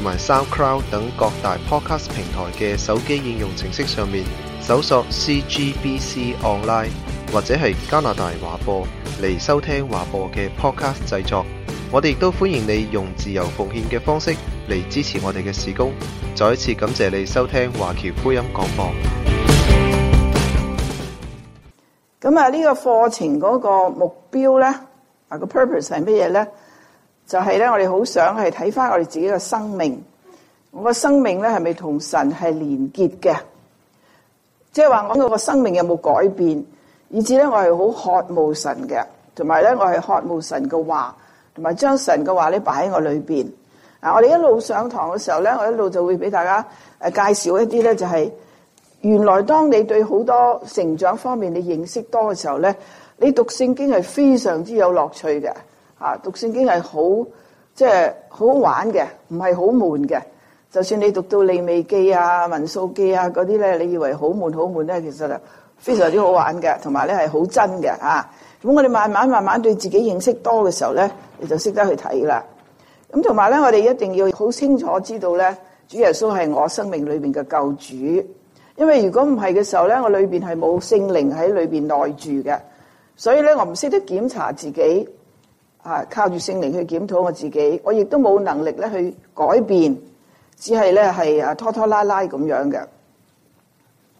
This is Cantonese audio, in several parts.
同埋 SoundCloud 等各大 Podcast 平台嘅手機應用程式上面搜索 CGBC Online 或者係加拿大華播嚟收聽華播嘅 Podcast 製作，我哋亦都歡迎你用自由奉獻嘅方式嚟支持我哋嘅事工。再一次感謝你收聽華僑福音廣播。咁啊，呢個課程嗰個目標咧，啊個 purpose 係咩嘢咧？就係咧，我哋好想係睇翻我哋自己嘅生命，我個生命咧係咪同神係連結嘅？即係話我個生命有冇改變？以至咧我係好渴慕神嘅，同埋咧我係渴慕神嘅話，同埋將神嘅話咧擺喺我裏邊。啊，我哋一路上堂嘅時候咧，我一路就會俾大家誒介紹一啲咧、就是，就係原來當你對好多成長方面你認識多嘅時候咧，你讀聖經係非常之有樂趣嘅。啊！讀聖經係好即係好好玩嘅，唔係好悶嘅。就算你讀到《利未記》啊、《民數記》啊嗰啲咧，你以為好悶好悶咧，其實就非常之好玩嘅。同埋咧係好真嘅啊！咁我哋慢慢慢慢對自己認識多嘅時候咧，你就識得去睇啦。咁同埋咧，我哋一定要好清楚知道咧，主耶穌係我生命裏邊嘅救主，因為如果唔係嘅時候咧，我裏邊係冇聖靈喺裏邊內住嘅，所以咧我唔識得檢查自己。係靠住聖靈去檢討我自己，我亦都冇能力咧去改變，只係咧係啊拖拖拉拉咁樣嘅。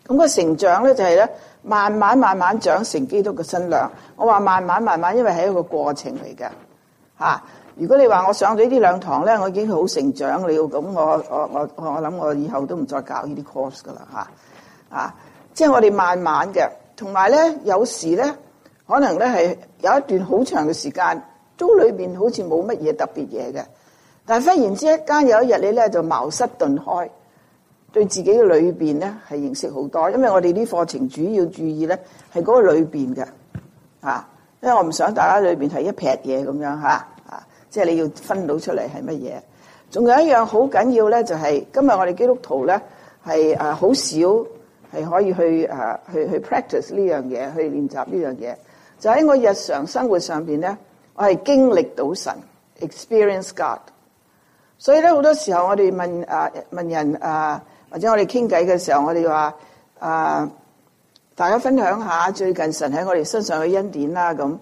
咁、那個成長咧就係咧，慢慢慢慢長成基督嘅身量。我話慢慢慢慢，因為係一個過程嚟嘅嚇。如果你話我上咗呢啲兩堂咧，我已經好成長了。咁我我我我諗我以後都唔再教呢啲 course 噶啦嚇啊！即、就、係、是、我哋慢慢嘅，同埋咧有時咧可能咧係有一段好長嘅時間。都裏邊好似冇乜嘢特別嘢嘅，但係忽然之間有一日你咧就茅塞頓開，對自己嘅裏邊咧係認識好多，因為我哋啲課程主要注意咧係嗰個裏邊嘅，啊，因為我唔想大家裏邊係一撇嘢咁樣吓，啊，即係你要分到出嚟係乜嘢。仲有一樣好緊要咧，就係今日我哋基督徒咧係誒好少係可以去誒、啊、去去 practice 呢樣嘢，去練習呢樣嘢，就喺我日常生活上邊咧。我係經歷到神 experience God，所以咧好多時候我哋問啊問人啊或者我哋傾偈嘅時候，我哋話啊，大家分享下最近神喺我哋身上嘅恩典啦，咁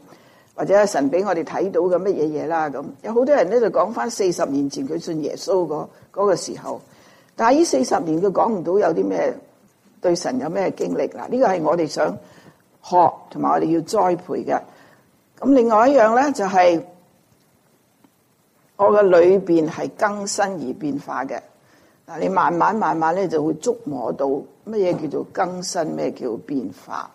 或者神俾我哋睇到嘅乜嘢嘢啦，咁有好多人咧就講翻四十年前佢信耶穌嗰嗰個時候，但係呢四十年佢講唔到有啲咩對神有咩經歷嗱，呢個係我哋想學同埋我哋要栽培嘅。咁另外一樣咧，就係我嘅裏邊係更新而變化嘅。嗱，你慢慢慢慢咧就會觸摸到乜嘢叫做更新，咩叫變化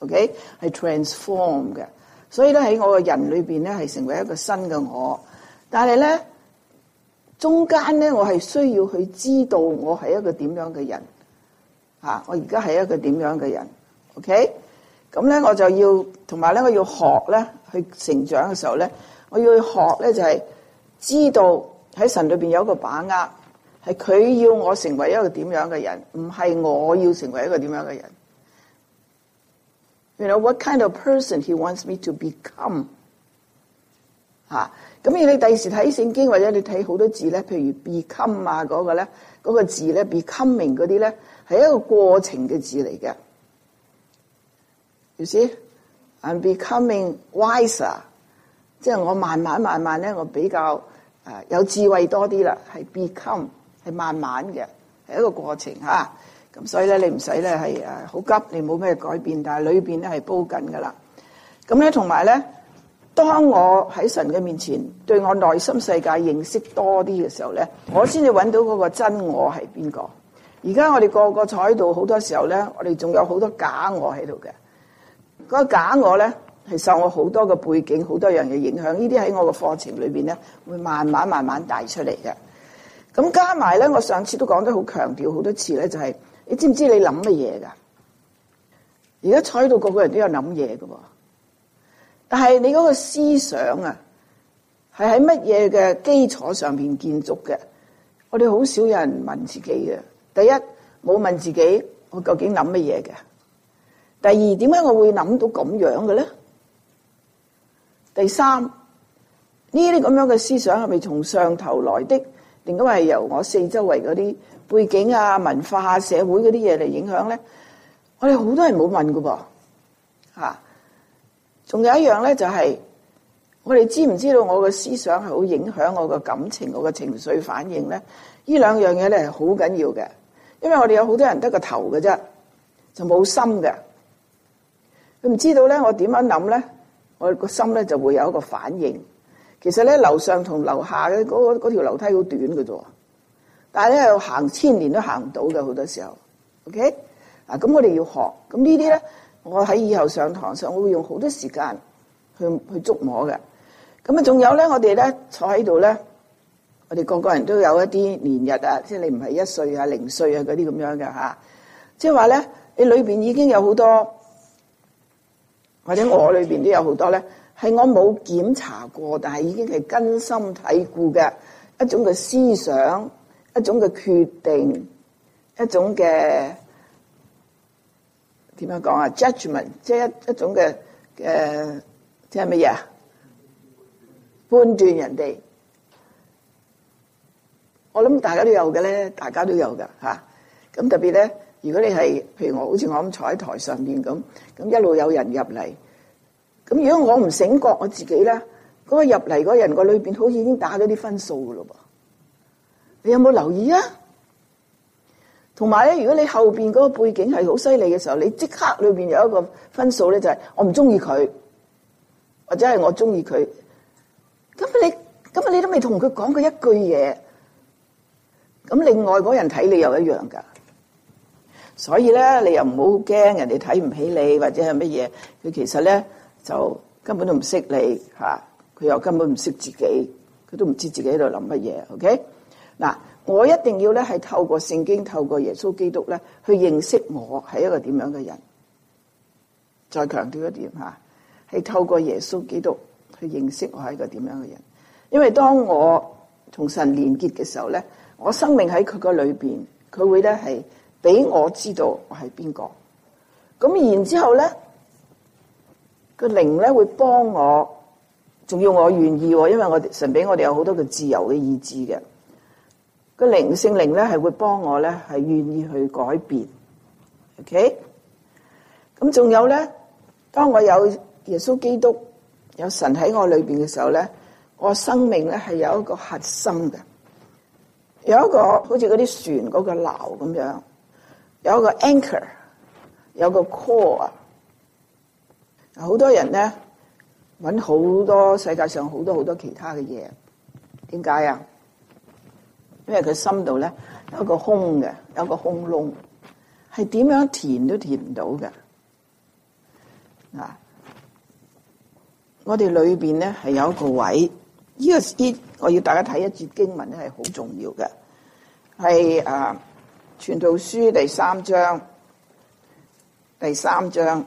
？OK，係 transform 嘅。所以咧喺我嘅人裏邊咧，係成為一個新嘅我。但係咧，中間咧我係需要去知道我係一個點樣嘅人。嚇，我而家係一個點樣嘅人？OK。咁咧，我就要同埋咧，我要學咧去成長嘅時候咧，我要去學咧就係、是、知道喺神裏邊有一個把握，係佢要我成為一個點樣嘅人，唔係我要成為一個點樣嘅人。You know what kind of person he wants me to become？吓，咁、啊、如果你第時睇聖經或者你睇好多字咧，譬如 become 啊嗰個咧，嗰、那個字咧 becoming 嗰啲咧，係一個過程嘅字嚟嘅。點先？I'm becoming wiser，即係我慢慢慢慢咧，我比較誒、呃、有智慧多啲啦。係 become，係慢慢嘅，係一個過程吓。咁所以咧，你唔使咧係誒好急，你冇咩改變，但係裏邊咧係煲緊噶啦。咁咧，同埋咧，當我喺神嘅面前，對我內心世界認識多啲嘅時候咧，我先至搵到個真我係邊個。而家我哋個個坐喺度，好多時候咧，我哋仲有好多假我喺度嘅。個假我咧係受我好多個背景、好多樣嘅影響，呢啲喺我個課程裏邊咧會慢慢慢慢帶出嚟嘅。咁加埋咧，我上次都講得好強調好多次咧，就係、是、你知唔知你諗乜嘢㗎？而家坐喺度個個人都有諗嘢嘅喎，但係你嗰個思想啊，係喺乜嘢嘅基礎上邊建築嘅？我哋好少有人問自己嘅。第一，冇問自己，我究竟諗乜嘢嘅？第二，點解我會諗到咁樣嘅咧？第三，呢啲咁樣嘅思想係咪從上頭來的？定都係由我四周圍嗰啲背景啊、文化、啊、社會嗰啲嘢嚟影響咧？我哋好多人冇問嘅噃，嚇、啊。仲有一樣咧、就係，就係我哋知唔知道我嘅思想係好影響我嘅感情、我嘅情緒反應咧？呢兩樣嘢咧係好緊要嘅，因為我哋有好多人得個頭嘅啫，就冇心嘅。佢唔知道咧，我點樣諗咧？我個心咧就會有一個反應。其實咧，樓上同樓下嘅嗰嗰條樓梯好短嘅啫，但係咧又行千年都行唔到嘅好多時候。OK，嗱、啊、咁我哋要學咁呢啲咧，我喺以後上堂上，我會用好多時間去去捉摸嘅。咁啊，仲有咧，我哋咧坐喺度咧，我哋個個人都有一啲年日啊，即係你唔係一歲啊、零歲啊嗰啲咁樣嘅嚇。即係話咧，你裏邊已經有好多。或者我裏邊都有好多呢，係我冇檢查過，但係已經係根深蒂固嘅一種嘅思想、一種嘅決定、一種嘅點樣講啊？judgement 即係一一種嘅嘅即係咩嘢啊？判斷人哋，我諗大家都有嘅呢，大家都有㗎吓，咁特別呢。如果你係，譬如我好似我咁坐喺台上面咁，咁一路有人入嚟，咁如果我唔醒覺我自己咧，嗰個入嚟嗰個人個裏邊好似已經打咗啲分數噶咯噃，你有冇留意啊？同埋咧，如果你後邊嗰個背景係好犀利嘅時候，你即刻裏邊有一個分數咧，就係我唔中意佢，或者係我中意佢。咁你咁你都未同佢講過一句嘢，咁另外嗰人睇你又一樣噶。所以咧，你又唔好驚人哋睇唔起你，或者係乜嘢？佢其實咧就根本都唔識你嚇，佢、啊、又根本唔識自己，佢都唔知自己喺度諗乜嘢。OK，嗱，我一定要咧係透過聖經、透過耶穌基督咧去認識我係一個點樣嘅人。再強調一點嚇，係、啊、透過耶穌基督去認識我係一個點樣嘅人。因為當我同神連結嘅時候咧，我生命喺佢個裏邊，佢會咧係。俾我知道我係邊個，咁然之後咧個靈咧會幫我，仲要我願意，因為我哋神俾我哋有好多嘅自由嘅意志嘅，個靈聖靈咧係會幫我咧係願意去改變，OK，咁仲有咧，當我有耶穌基督有神喺我裏邊嘅時候咧，我生命咧係有一個核心嘅，有一個好似嗰啲船嗰個錨咁樣。有一個 anchor，有個 core 啊，好多人呢揾好多世界上好多好多其他嘅嘢，點解呀？因為佢心度呢有一個空嘅，有一個空窿，係點樣填都填唔到嘅啊！我哋裏邊呢係有一個位，呢、呢個呢我要大家睇一節經文咧係好重要嘅，係啊。全傳道書第三章，第三章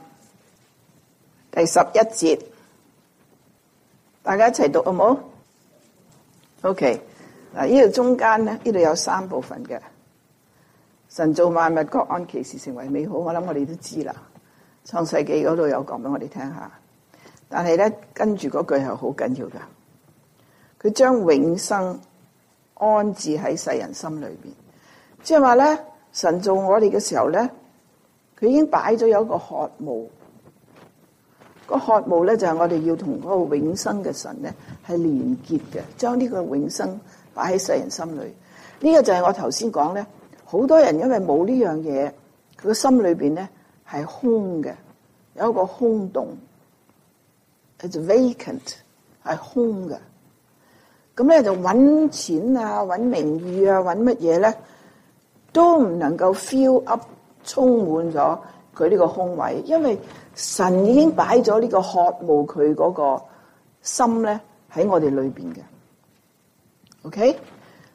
第十一節，大家一齊讀好冇？OK，嗱呢度中間呢，呢度有三部分嘅。神造萬物各按，其時成為美好，我諗我哋都知啦。創世紀嗰度有講俾我哋聽下，但係呢，跟住嗰句係好緊要噶，佢將永生安置喺世人心裏面。即係話咧，神做我哋嘅時候咧，佢已經擺咗有一個渴慕，個渴慕咧就係我哋要同嗰個永生嘅神咧係連結嘅，將呢個永生擺喺世人心裏。呢個就係我頭先講咧，好多人因為冇呢樣嘢，佢個心裏邊咧係空嘅，有一個空洞，It's vacant，係空嘅。咁咧就揾錢啊，揾名譽啊，揾乜嘢咧？都唔能夠 fill up 充滿咗佢呢個空位，因為神已經擺咗呢個渴慕佢嗰個心咧喺我哋裏邊嘅。OK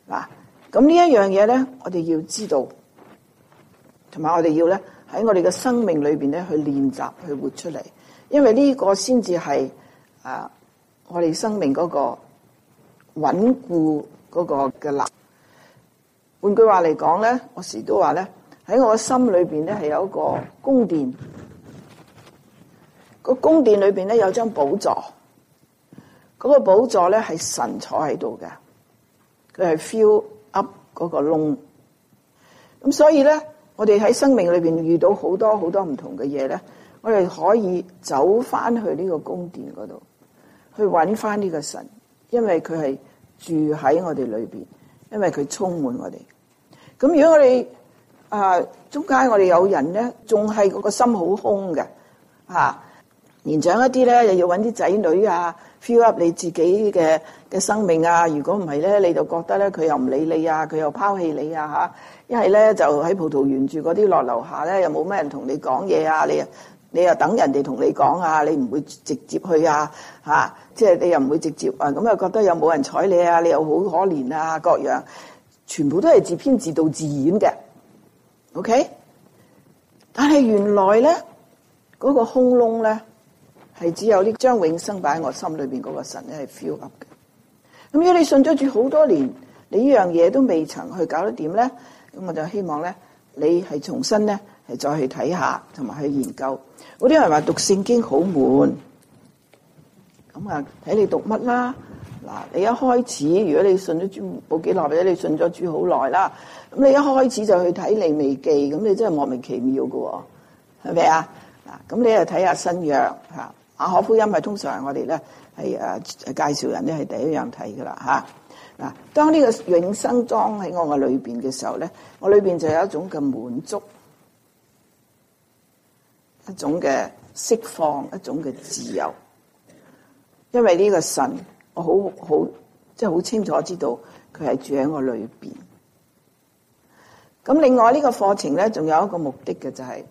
嗱，咁呢一樣嘢咧，我哋要知道，同埋我哋要咧喺我哋嘅生命裏邊咧去練習去活出嚟，因為呢個先至係啊我哋生命嗰個穩固嗰個嘅立。換句話嚟講咧，我時都話咧，喺我嘅心裏邊咧係有一個宮殿，個宮殿裏邊咧有張寶座，嗰個寶座咧係神坐喺度嘅，佢係 fill up 嗰個窿。咁所以咧，我哋喺生命裏邊遇到好多好多唔同嘅嘢咧，我哋可以走翻去呢個宮殿嗰度，去揾翻呢個神，因為佢係住喺我哋裏邊。因為佢充滿我哋，咁如果我哋啊中間我哋有人咧，仲係個心好空嘅，嚇、啊、年長一啲咧，又要搵啲仔女啊，fill up 你自己嘅嘅生命啊，如果唔係咧，你就覺得咧佢又唔理你啊，佢又拋棄你啊嚇，一係咧就喺葡萄園住嗰啲落樓下咧，又冇咩人同你講嘢啊，你啊～你又等人哋同你講啊，你唔會直接去啊，嚇、啊！即係你又唔會直接啊，咁又覺得有冇人睬你啊？你又好可憐啊，各樣全部都係自編自導自演嘅，OK？但係原來咧，嗰、那個空窿咧，係只有呢張永生擺喺我心裏邊嗰個神咧係 fill up 嘅。咁如果你信咗住好多年，你呢樣嘢都未曾去搞得掂咧，咁我就希望咧，你係重新咧。再去睇下，同埋去研究。嗰啲人話讀聖經好悶，咁啊睇你讀乜啦？嗱，你一開始如果你信咗主冇幾耐，或者你信咗主好耐啦，咁你一開始就去睇利未記，咁你真係莫名其妙嘅，係咪啊？嗱，咁你又睇下新約嚇。雅可福音係通常我哋咧係誒介紹人咧係第一樣睇嘅啦嚇嗱。當呢個永生裝喺我嘅裏邊嘅時候咧，我裏邊就有一種咁滿足。一種嘅釋放，一種嘅自由，因為呢個神，我好好即係好清楚知道佢係住喺我裏邊。咁另外呢個課程咧，仲有一個目的嘅就係，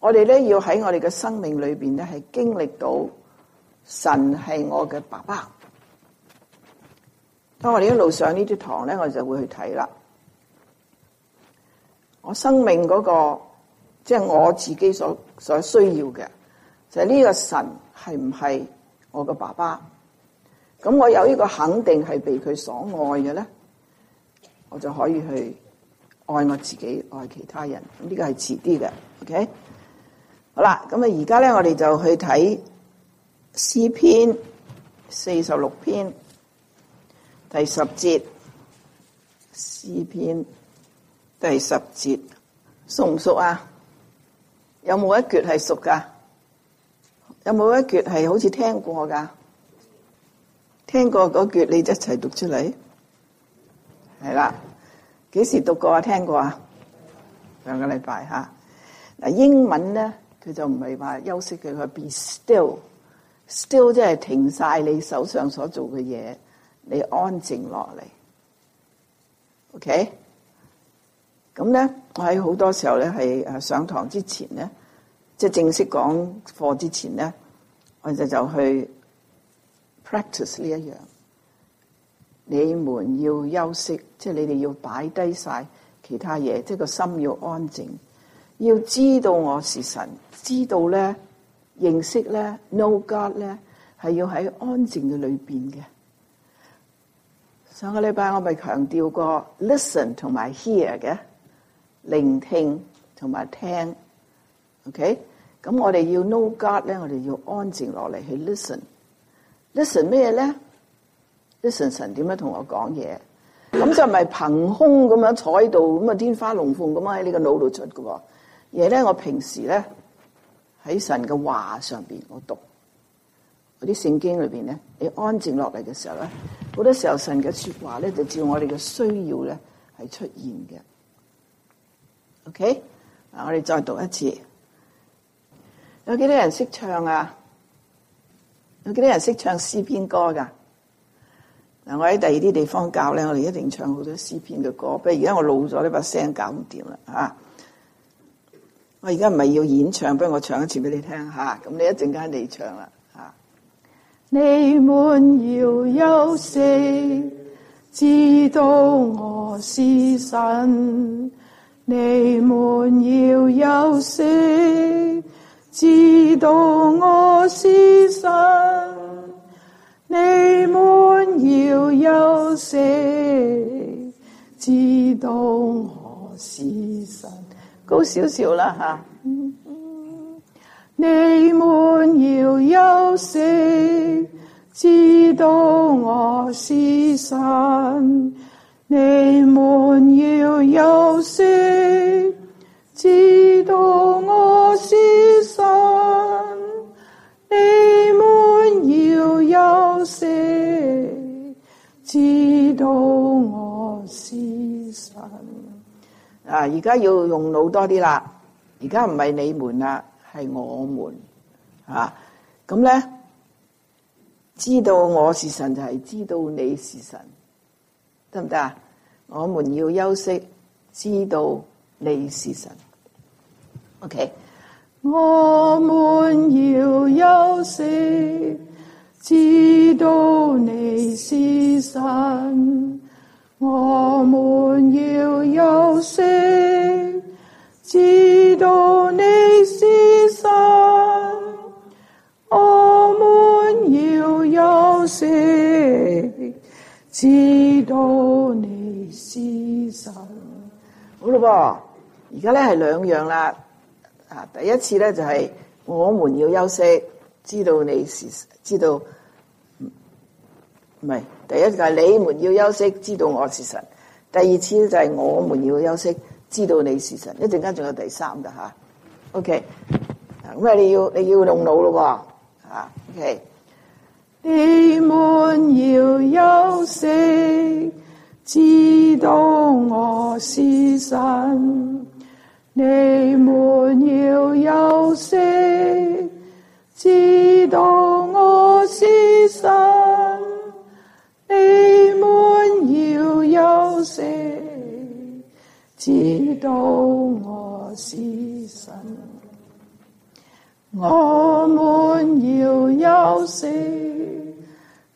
我哋咧要喺我哋嘅生命裏邊咧，係經歷到神係我嘅爸爸。當我哋一路上呢啲堂咧，我就會去睇啦。我生命嗰個。即係我自己所所需要嘅，就係呢個神係唔係我嘅爸爸？咁我有一個肯定係被佢所愛嘅咧，我就可以去愛我自己，愛其他人。咁呢個係遲啲嘅，OK？好啦，咁啊，而家咧我哋就去睇詩篇四十六篇第十節，詩篇第十節熟唔熟啊？有冇一句係熟噶？有冇一句係好似聽過噶？聽過嗰句，你一齊讀出嚟。係啦，幾時讀過啊？聽過啊？兩個禮拜吓。嗱，英文咧，佢就唔係話休息，佢話 be still，still 即係停晒你手上所做嘅嘢，你安靜落嚟。OK。咁咧，我喺好多時候咧，係上堂之前呢，即正式講課之前呢，我就去 practice 呢一樣。你們要休息，即你哋要擺低曬其他嘢，即係個心要安靜，要知道我是神，知道呢，認識呢 know God 呢係要喺安靜嘅裏邊嘅。上個禮拜我咪強調過 listen 同埋 hear 嘅。聆聽同埋聽，OK，咁我哋要 know God 咧，我哋要安靜落嚟去 listen，listen 咩咧？listen 神點樣同我講嘢？咁 就唔係憑空咁樣坐喺度，咁啊天花龍鳳咁喺你個腦度出嘅。而咧我平時咧喺神嘅話上邊我讀嗰啲聖經裏邊咧，你安靜落嚟嘅時候咧，好多時候神嘅說話咧就照我哋嘅需要咧係出現嘅。OK，嗱我哋再讀一次。有幾多人識唱啊？有幾多人識唱詩篇歌噶？嗱，我喺第二啲地方教咧，我哋一定唱好多詩篇嘅歌。不過而家我老咗，呢把聲搞唔掂啦啊！我而家唔係要演唱，不如我唱一次俾你聽吓。咁、啊、你一陣間嚟唱啦吓。啊、你們要休息，知道我是神。你們要休息，知道我是神。你們要休息，知道我是神。高少少啦吓。你們要休息，知道我是神。你們要休息，知道我是神，你們要休息，知道我是神。啊！而家要用腦多啲啦，而家唔係你們啦，係我們啊！咁咧，知道我是神就係知道你是神。得唔得啊？我們要休息，知道你是神。OK，我們要休息，知道你是神。我們要休息，知道你是神。我們要休息，知道你是神，好咯噃。而家咧，係兩樣啦。啊，第一次咧，就係我們要休息，知道你是神，知道唔係、嗯。第一次就係你們要休息，知道我是神。第二次咧，就係我們要休息，知道你是神。一陣間仲有第三噶吓。OK，咁啊你要你要用腦咯喎。啊，OK。你們要休息，知道我是神。你們要休息，知道我是神。你們要休息，知道我是神。我們要休息。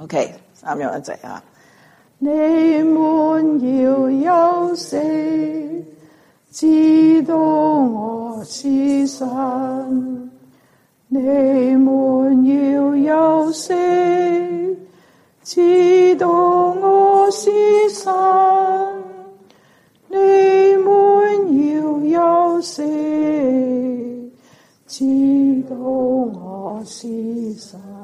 O K，三樣一齊啊！你們要休息，知道我是神。你們要休息，知道我是神。你們要休息，知道我是神。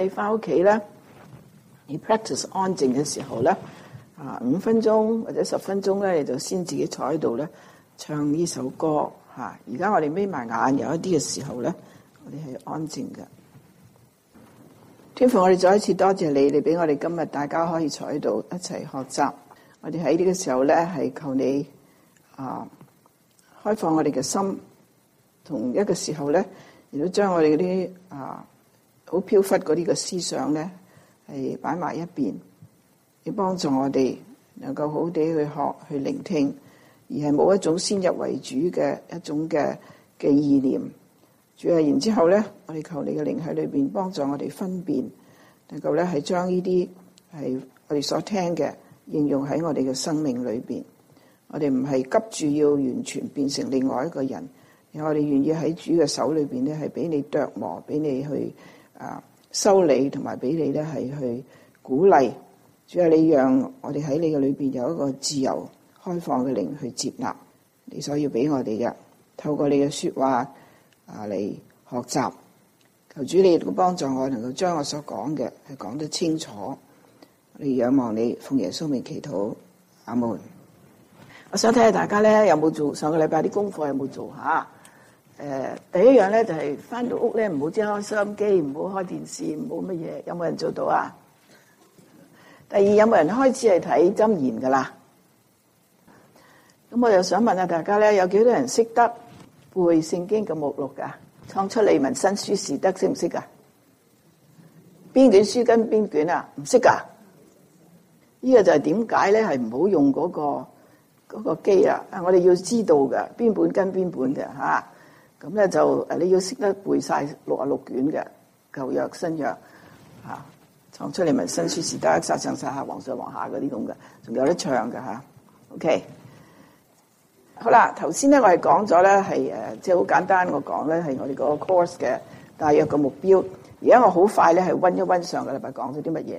你翻屋企咧，你 practice 安靜嘅時候咧，啊五分鐘或者十分鐘咧，你就先自己坐喺度咧，唱呢首歌嚇。而家我哋眯埋眼有一啲嘅時候咧，我哋係安靜嘅。天父，我哋再一次多謝你，你俾我哋今日大家可以坐喺度一齊學習。我哋喺呢個時候咧，係求你啊，開放我哋嘅心，同一個時候咧，亦都將我哋嗰啲啊～好飄忽嗰啲嘅思想咧，係擺埋一邊，要幫助我哋能夠好地去學，去聆聽，而係冇一種先入為主嘅一種嘅嘅意念。主啊，然之後咧，我哋求你嘅靈喺裏邊幫助我哋分辨，能夠咧係將呢啲係我哋所聽嘅應用喺我哋嘅生命裏邊。我哋唔係急住要完全變成另外一個人，而我哋願意喺主嘅手裏邊咧，係俾你琢磨，俾你去。啊！收你同埋俾你咧，係去鼓勵，主要你讓我哋喺你嘅裏邊有一個自由開放嘅靈去接納你所要俾我哋嘅，透過你嘅說話啊嚟學習。求主你亦都幫助我，能夠將我所講嘅係講得清楚。我哋仰望你，奉耶穌名祈禱，阿門。我想睇下大家咧，有冇做上個禮拜啲功課有冇做吓？誒第一樣咧就係、是、返到屋咧，唔好張開收音機，唔好開電視，唔好乜嘢。有冇人做到啊？第二有冇人開始係睇箴言噶啦？咁我又想問下大家咧，有幾多人識得背聖經嘅目錄噶？創出利民申書士得識唔識噶？邊卷書跟邊卷啊？唔識噶？呢、這個就係點解咧？係唔好用嗰、那個嗰、那個機啊！我哋要知道嘅邊本跟邊本嘅嚇。啊。咁咧就，誒你要識得背晒六啊六卷嘅舊約新約嚇，唱出嚟咪新書時得一殺上殺下皇上皇下嗰啲咁嘅，仲有得唱嘅嚇、啊。OK，好啦，頭先咧我係講咗咧係誒，即係好簡單，我講咧係我哋個 course 嘅大約個目標。而家我好快咧係温一温上個禮拜講咗啲乜嘢。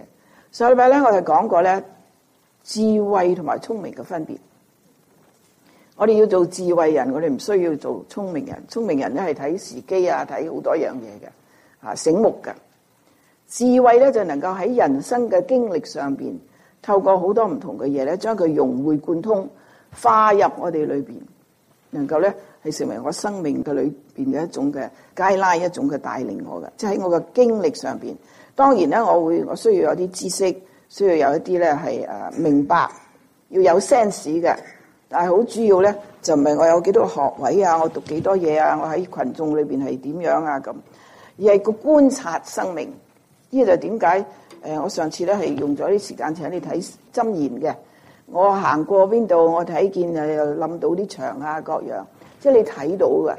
上禮拜咧我哋講過咧智慧同埋聰明嘅分別。我哋要做智慧人，我哋唔需要做聰明人。聰明人咧係睇時機啊，睇好多樣嘢嘅，吓、啊、醒目嘅。智慧咧就能夠喺人生嘅經歷上邊，透過好多唔同嘅嘢咧，將佢融會貫通，化入我哋裏邊，能夠咧係成為我生命嘅裏邊嘅一種嘅 guideline，一種嘅帶領我嘅。即係喺我嘅經歷上邊，當然咧我會我需要有啲知識，需要有一啲咧係誒明白，要有 sense 嘅。但係好主要咧，就唔係我有幾多個學位啊，我讀幾多嘢啊，我喺群眾裏邊係點樣啊咁，而係個觀察生命。呢個就點解？誒、呃，我上次咧係用咗啲時間請你睇箴言嘅，我行過邊度，我睇見又冧、呃、到啲牆啊各樣，即係你睇到嘅。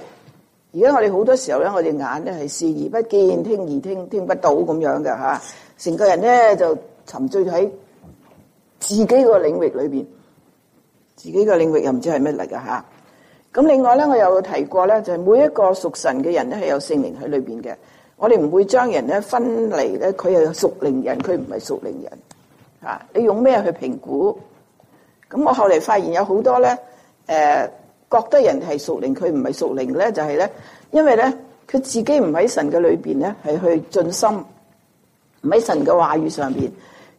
而家我哋好多時候咧，我哋眼咧係視而不 o t 聽而聽聽不到咁樣嘅嚇。成、啊、個人咧就沉醉喺自己個領域裏邊。自己嘅領域又唔知係咩嚟㗎嚇。咁另外咧，我有提過咧，就係、是、每一個屬神嘅人咧係有聖靈喺裏邊嘅。我哋唔會將人咧分離咧，佢係屬靈人，佢唔係屬靈人。嚇，你用咩去評估？咁我後嚟發現有好多咧，誒覺得人係屬靈，佢唔係屬靈咧，就係咧，因為咧佢自己唔喺神嘅裏邊咧，係去盡心，唔喺神嘅話語上邊，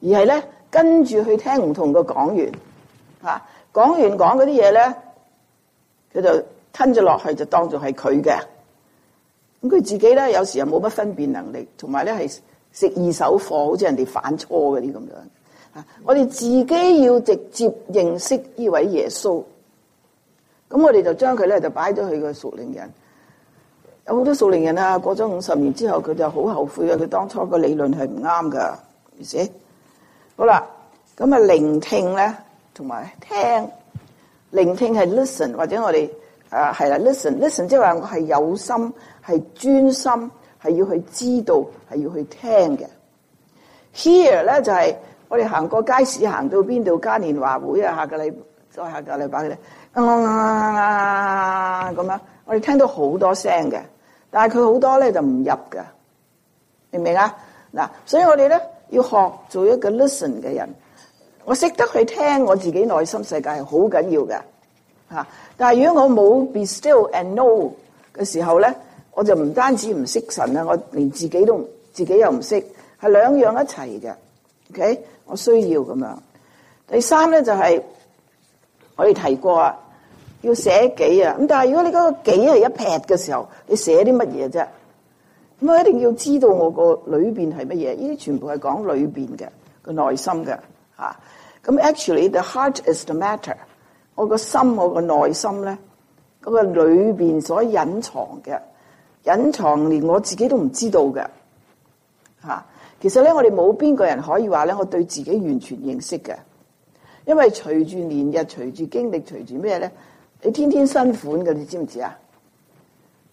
而係咧跟住去聽唔同嘅講員嚇。講完講嗰啲嘢咧，佢就吞咗落去，就當做係佢嘅。咁佢自己咧，有時又冇乜分辨能力，同埋咧係食二手貨，好似人哋犯錯嗰啲咁樣。我哋自己要直接認識呢位耶穌，咁我哋就將佢咧就擺咗佢個屬靈人。有好多屬靈人啊，過咗五十年之後，佢就好後悔啊！佢當初個理論係唔啱噶，唔知。好啦，咁啊聆聽咧。同埋聽，聆聽係 listen，或者我哋啊係啦、啊、listen，listen 即係話我係有心，係專心，係要去知道，係要去聽嘅。Hear 咧就係、是、我哋行過街市，行到邊度，嘉年華會啊！下個禮拜再下個禮拜咧，咁、啊、樣我哋聽到好多聲嘅，但係佢好多咧就唔入嘅，明唔明啊？嗱，所以我哋咧要學做一個 listen 嘅人。我識得去聽我自己內心世界係好緊要嘅吓，但係如果我冇 be still and know 嘅時候咧，我就唔單止唔識神啦，我連自己都自己又唔識，係兩樣一齊嘅。OK，我需要咁樣。第三咧就係我哋提過啊，要寫幾啊咁，但係如果你嗰個幾係一撇嘅時候，你寫啲乜嘢啫？咁我一定要知道我個裏邊係乜嘢，呢啲全部係講裏邊嘅個內心嘅。咁 actually the heart is the matter，我個心我個內心咧，嗰個裏邊所隱藏嘅，隱藏連我自己都唔知道嘅，吓，其實咧我哋冇邊個人可以話咧，我對自己完全認識嘅，因為隨住年日，隨住經歷，隨住咩咧，你天天新款嘅，你知唔知啊？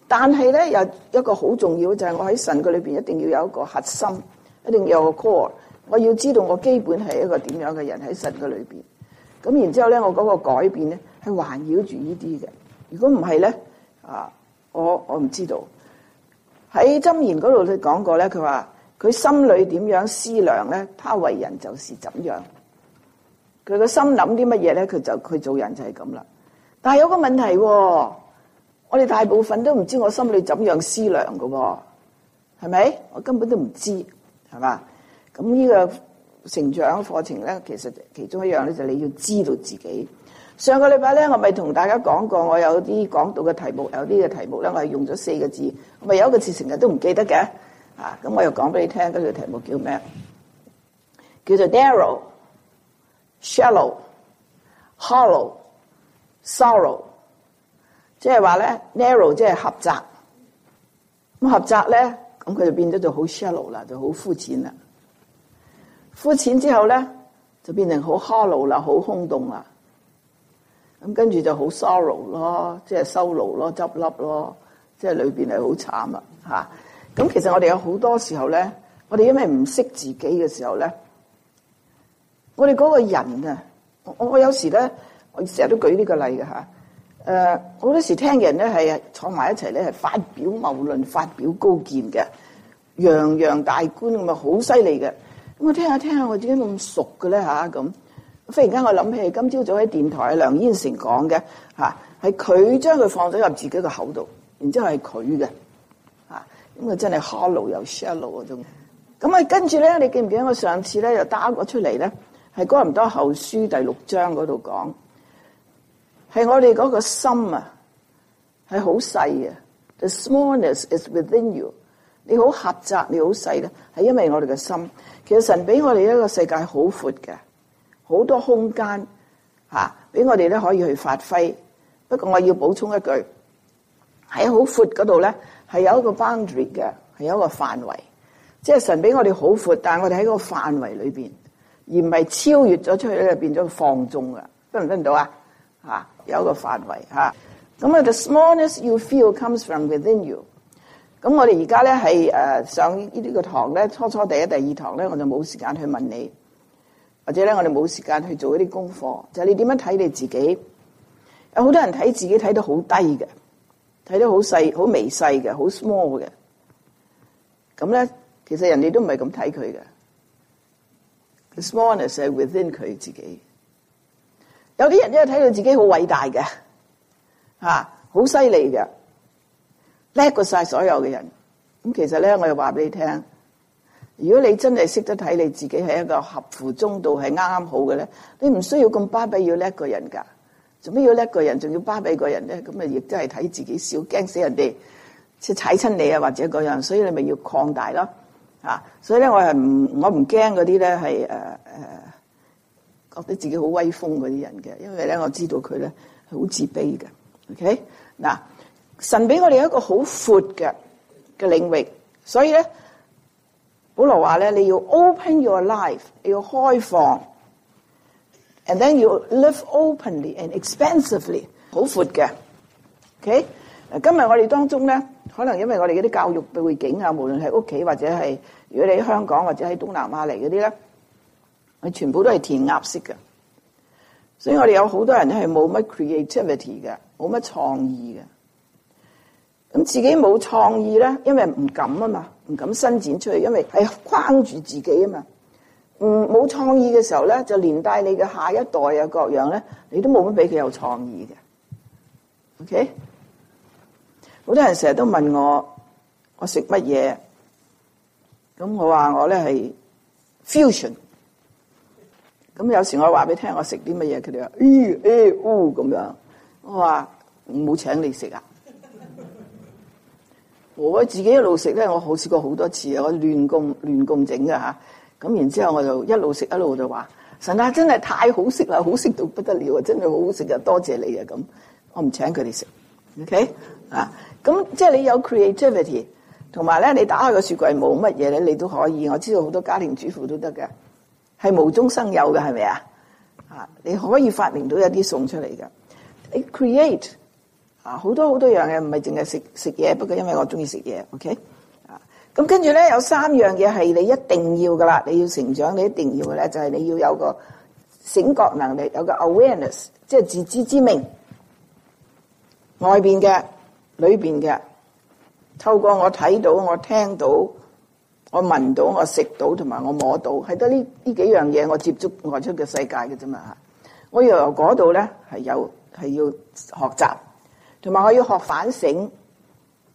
但係咧有一個好重要就係我喺神嘅裏邊一定要有一個核心，一定要有個 core。我要知道我基本係一個點樣嘅人喺神嘅裏邊咁，然之後咧，我嗰個改變咧係環繞住呢啲嘅。如果唔係咧啊，我我唔知道喺《箴言》嗰度佢講過咧，佢話佢心裏點樣思量咧，他為人就是怎樣。佢個心諗啲乜嘢咧，佢就佢做人就係咁啦。但係有個問題，哦，我哋大部分都唔知我心裏怎樣思量嘅喎，係咪？我根本都唔知係嘛。咁呢個成長課程咧，其實其中一樣咧就你要知道自己。上個禮拜咧，我咪同大家講過，我有啲講到嘅題目，有啲嘅題目咧，我係用咗四個字，咪有一個字成日都唔記得嘅。啊，咁我又講俾你聽，嗰個題目叫咩？叫做 narrow、shallow、hollow、sorrow。即係話咧，narrow 即係狹窄，咁狹窄咧，咁佢就變咗就好 shallow 啦，就好膚淺啦。膚淺之後咧，就變成好 hollow 啦，好空洞啦。咁跟住就好 sorrow 咯，即係收牢咯，執笠咯，即係裏邊係好慘啊！嚇、嗯，咁其實我哋有好多時候咧，我哋因為唔識自己嘅時候咧，我哋嗰個人個啊，我我有時咧，我成日都舉呢個例嘅嚇。誒，好多時聽嘅人咧係坐埋一齊咧係發表謀論、發表高見嘅，洋洋大觀咁啊，好犀利嘅。我聽下聽下，我點解咁熟嘅咧嚇咁？啊、忽然間我諗起今朝早喺電台梁燕成講嘅嚇，係佢將佢放咗入自己嘅口度，然之後係佢嘅嚇，咁啊、嗯、真係 hollow 又 shallow 嗰種。咁啊跟住咧，你記唔記得我上次咧又打過出嚟咧？係《哥林多後書》第六章嗰度講，係我哋嗰個心啊，係好細啊，the smallness is within you。你好狹窄，你好細咧，係因為我哋嘅心。其實神俾我哋一個世界好闊嘅，好多空間嚇，俾、啊、我哋咧可以去發揮。不過我要補充一句，喺好闊嗰度咧，係有一個 boundary 嘅，係有一個範圍。即係神俾我哋好闊，但係我哋喺個範圍裏邊，而唔係超越咗出去咧，變咗放縱㗎！得唔得唔到啊？嚇，有一個範圍嚇。咁啊，the smallness you feel comes from within you。咁我哋而家咧係誒上呢個堂咧，初初第一、第二堂咧，我就冇時間去問你，或者咧我哋冇時間去做一啲功課，就係你點樣睇你自己？有好多人睇自己睇到好低嘅，睇到好細、好微細嘅、好 small 嘅。咁咧，其實人哋都唔係咁睇佢嘅。The smallness 係 within 佢自己。有啲人咧睇到自己好偉大嘅，啊，好犀利嘅。叻過晒所有嘅人。咁其實咧，我又話俾你聽，如果你真係識得睇你自己係一個合乎中道，係啱啱好嘅咧，你唔需要咁巴閉要叻一個人噶。做咩要叻一個人，仲要巴閉一個人咧？咁啊，亦都係睇自己少驚死人哋，即係踩親你啊，或者嗰樣，所以你咪要擴大咯，吓、啊。所以咧，我係唔，我唔驚嗰啲咧係誒誒，覺得自己好威風嗰啲人嘅，因為咧我知道佢咧係好自卑嘅。OK，嗱。神俾我哋一個好闊嘅嘅領域，所以咧，保羅話咧，你要 open your life，你要開放，and then you live openly and expansively，好闊嘅。OK，今日我哋當中咧，可能因為我哋嗰啲教育背景啊，無論係屋企或者係如果你喺香港或者喺東南亞嚟嗰啲咧，佢全部都係填鴨式嘅，所以我哋有好多人係冇乜 creativity 嘅，冇乜創意嘅。咁自己冇創意咧，因為唔敢啊嘛，唔敢伸展出去，因為係框住自己啊嘛。嗯，冇創意嘅時候咧，就連帶你嘅下一代啊各樣咧，你都冇乜俾佢有創意嘅。OK，好多人成日都問我，我食乜嘢？咁我話我咧係 fusion。咁有時我話俾你聽我食啲乜嘢，佢哋話咦誒哦，咁樣，我話冇請你食啊。我自己一路食咧，我好試過好多次，我亂共亂共整嘅吓。咁、啊、然之後我就一路食一路就話：神啊，真係太好食啦，好食到不得了啊！真係好好食啊，多謝你啊咁。我唔請佢哋食，OK 啊？咁即係你有 creativity，同埋咧你打開個雪櫃冇乜嘢咧，你都可以。我知道好多家庭主婦都得嘅，係無中生有嘅係咪啊？啊，你可以發明到一啲餸出嚟嘅，create。你 create, 啊！好多好多樣嘢唔係淨係食食嘢，不過因為我中意食嘢，OK 啊。咁跟住咧有三樣嘢係你一定要噶啦。你要成長，你一定要嘅咧就係、是、你要有個醒覺能力，有個 awareness，即係自知之明。外邊嘅、裏邊嘅，透過我睇到、我聽到、我聞到、我食到同埋我摸到，係得呢呢幾樣嘢我接觸外出嘅世界嘅啫嘛。我由嗰度咧係有係要學習。同埋我要學反省，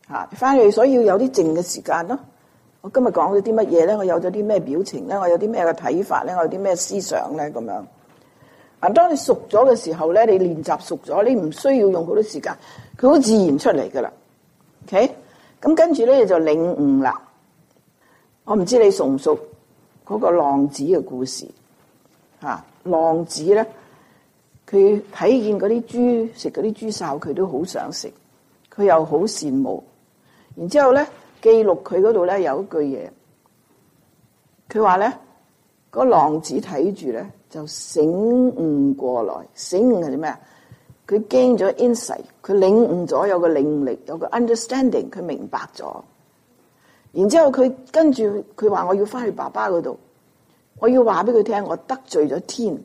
嚇翻去，所以要有啲靜嘅時間咯。我今日講咗啲乜嘢咧？我有咗啲咩表情咧？我有啲咩嘅睇法咧？我有啲咩思想咧？咁樣啊，當你熟咗嘅時候咧，你練習熟咗，你唔需要用好多時間，佢好自然出嚟噶啦。OK，咁跟住咧你就領悟啦。我唔知你熟唔熟嗰個浪子嘅故事，嚇浪子咧。佢睇見嗰啲豬食嗰啲豬哨，佢都好想食。佢又好羨慕。然之後咧，記錄佢嗰度咧有一句嘢。佢話咧，個浪子睇住咧就醒悟過來。醒悟係啲咩啊？佢 gain 咗 insight，佢領悟咗有個領悟力，有個 understanding，佢明白咗。然之後佢跟住佢話：我要翻去爸爸嗰度，我要話俾佢聽，我得罪咗天。